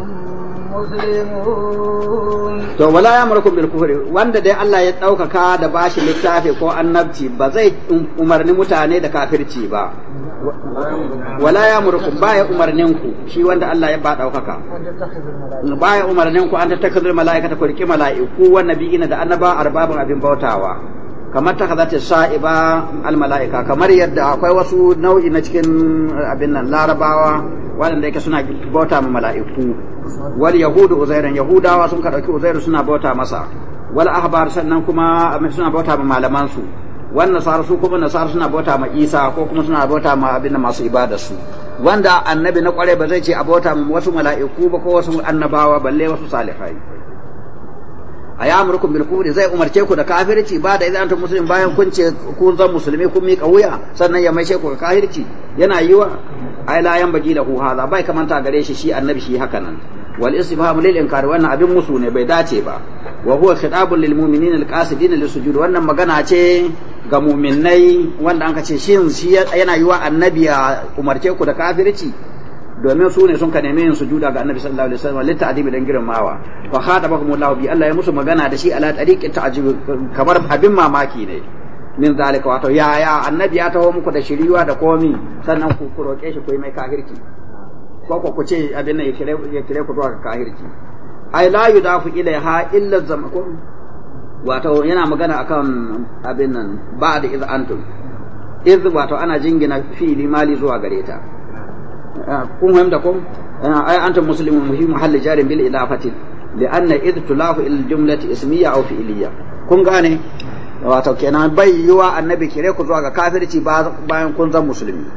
to wala ya ya'murukum bil kufri wanda dai Allah ya daukaka da bashi littafi ko annabci ba zai umarni mutane da kafirci ba wala ya ya'murukum baya umarnin ku shi wanda Allah ya ba daukaka baya umarnin ku an ta takazul malaikata ku riki malaiku wa nabiyina da annaba arbabun abin bautawa kamar ta kaza sa'iba al malaika kamar yadda akwai wasu nau'i na cikin eh, abin nan larabawa waɗanda yake suna bauta ma mala'iku wal yahudu uzairan yahudawa sun ka dauki uzairu suna bauta masa wal ahbar sannan kuma suna bauta ma malaman su wannan nasara su kuma nasara suna bauta ma isa ko kuma suna bauta ma abin masu ibada su wanda annabi na kware ba zai ce a bauta wasu mala'iku ba ko wasu annabawa balle wasu salihai a ya amurkum bil zai umarce ku da kafirci ba da idan musulmi bayan kun ce kun zan musulmi kun miƙa wuya sannan ya mai ku kafirci yana yiwa ai la yan baji lahu haza bai kamanta gare shi shi annabi shi haka nan wal istifham lil inkar wannan abin musu ne bai dace ba wa huwa khitabun lil mu'minin al qasidin li sujud wannan magana ce ga mu'minai wanda anka ce shin shi yana yiwa annabi ya umarce ku da kafirci domin su ne sun ka neme yin sujuda ga annabi sallallahu alaihi wasallam litta adibi dan mawa fa khatabakum Allah bi Allah ya musu magana da shi ala tariqi ta'jib kamar abin mamaki ne min zalika wato ya annabi ya taho muku da shiriwa da komi sannan ku roke shi ku yi mai kafirci ko ko ku ce abin nan ya kire ku zuwa kahirci ai la yudafu ilaiha illa zamakum wato yana magana akan abin nan ba da iz antum iz wato ana jingina fili mali zuwa gare ta ah, kun fahimta ko ah, ai antum muslimun muhim muhalli jarin bil idafati li anna iz tulafu il jumlati ismiya aw fi'liya kun gane wato kenan bai yiwa annabi kire ku zuwa ga kafirci bayan kun zan musulmi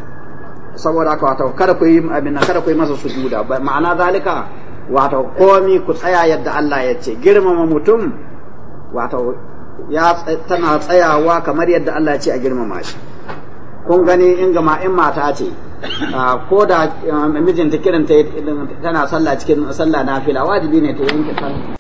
saboda haka wato kada ku yi abin kada ku yi masa sujuda ma'ana zalika wato komi ku tsaya yadda Allah ya ce girmama mutum wato ya tana tsayawa kamar yadda Allah ya ce a girmama shi kun gani in gama in mata ce ko da mijinta kiranta tana sallah cikin sallah nafila wajibi ne ta yanke sallah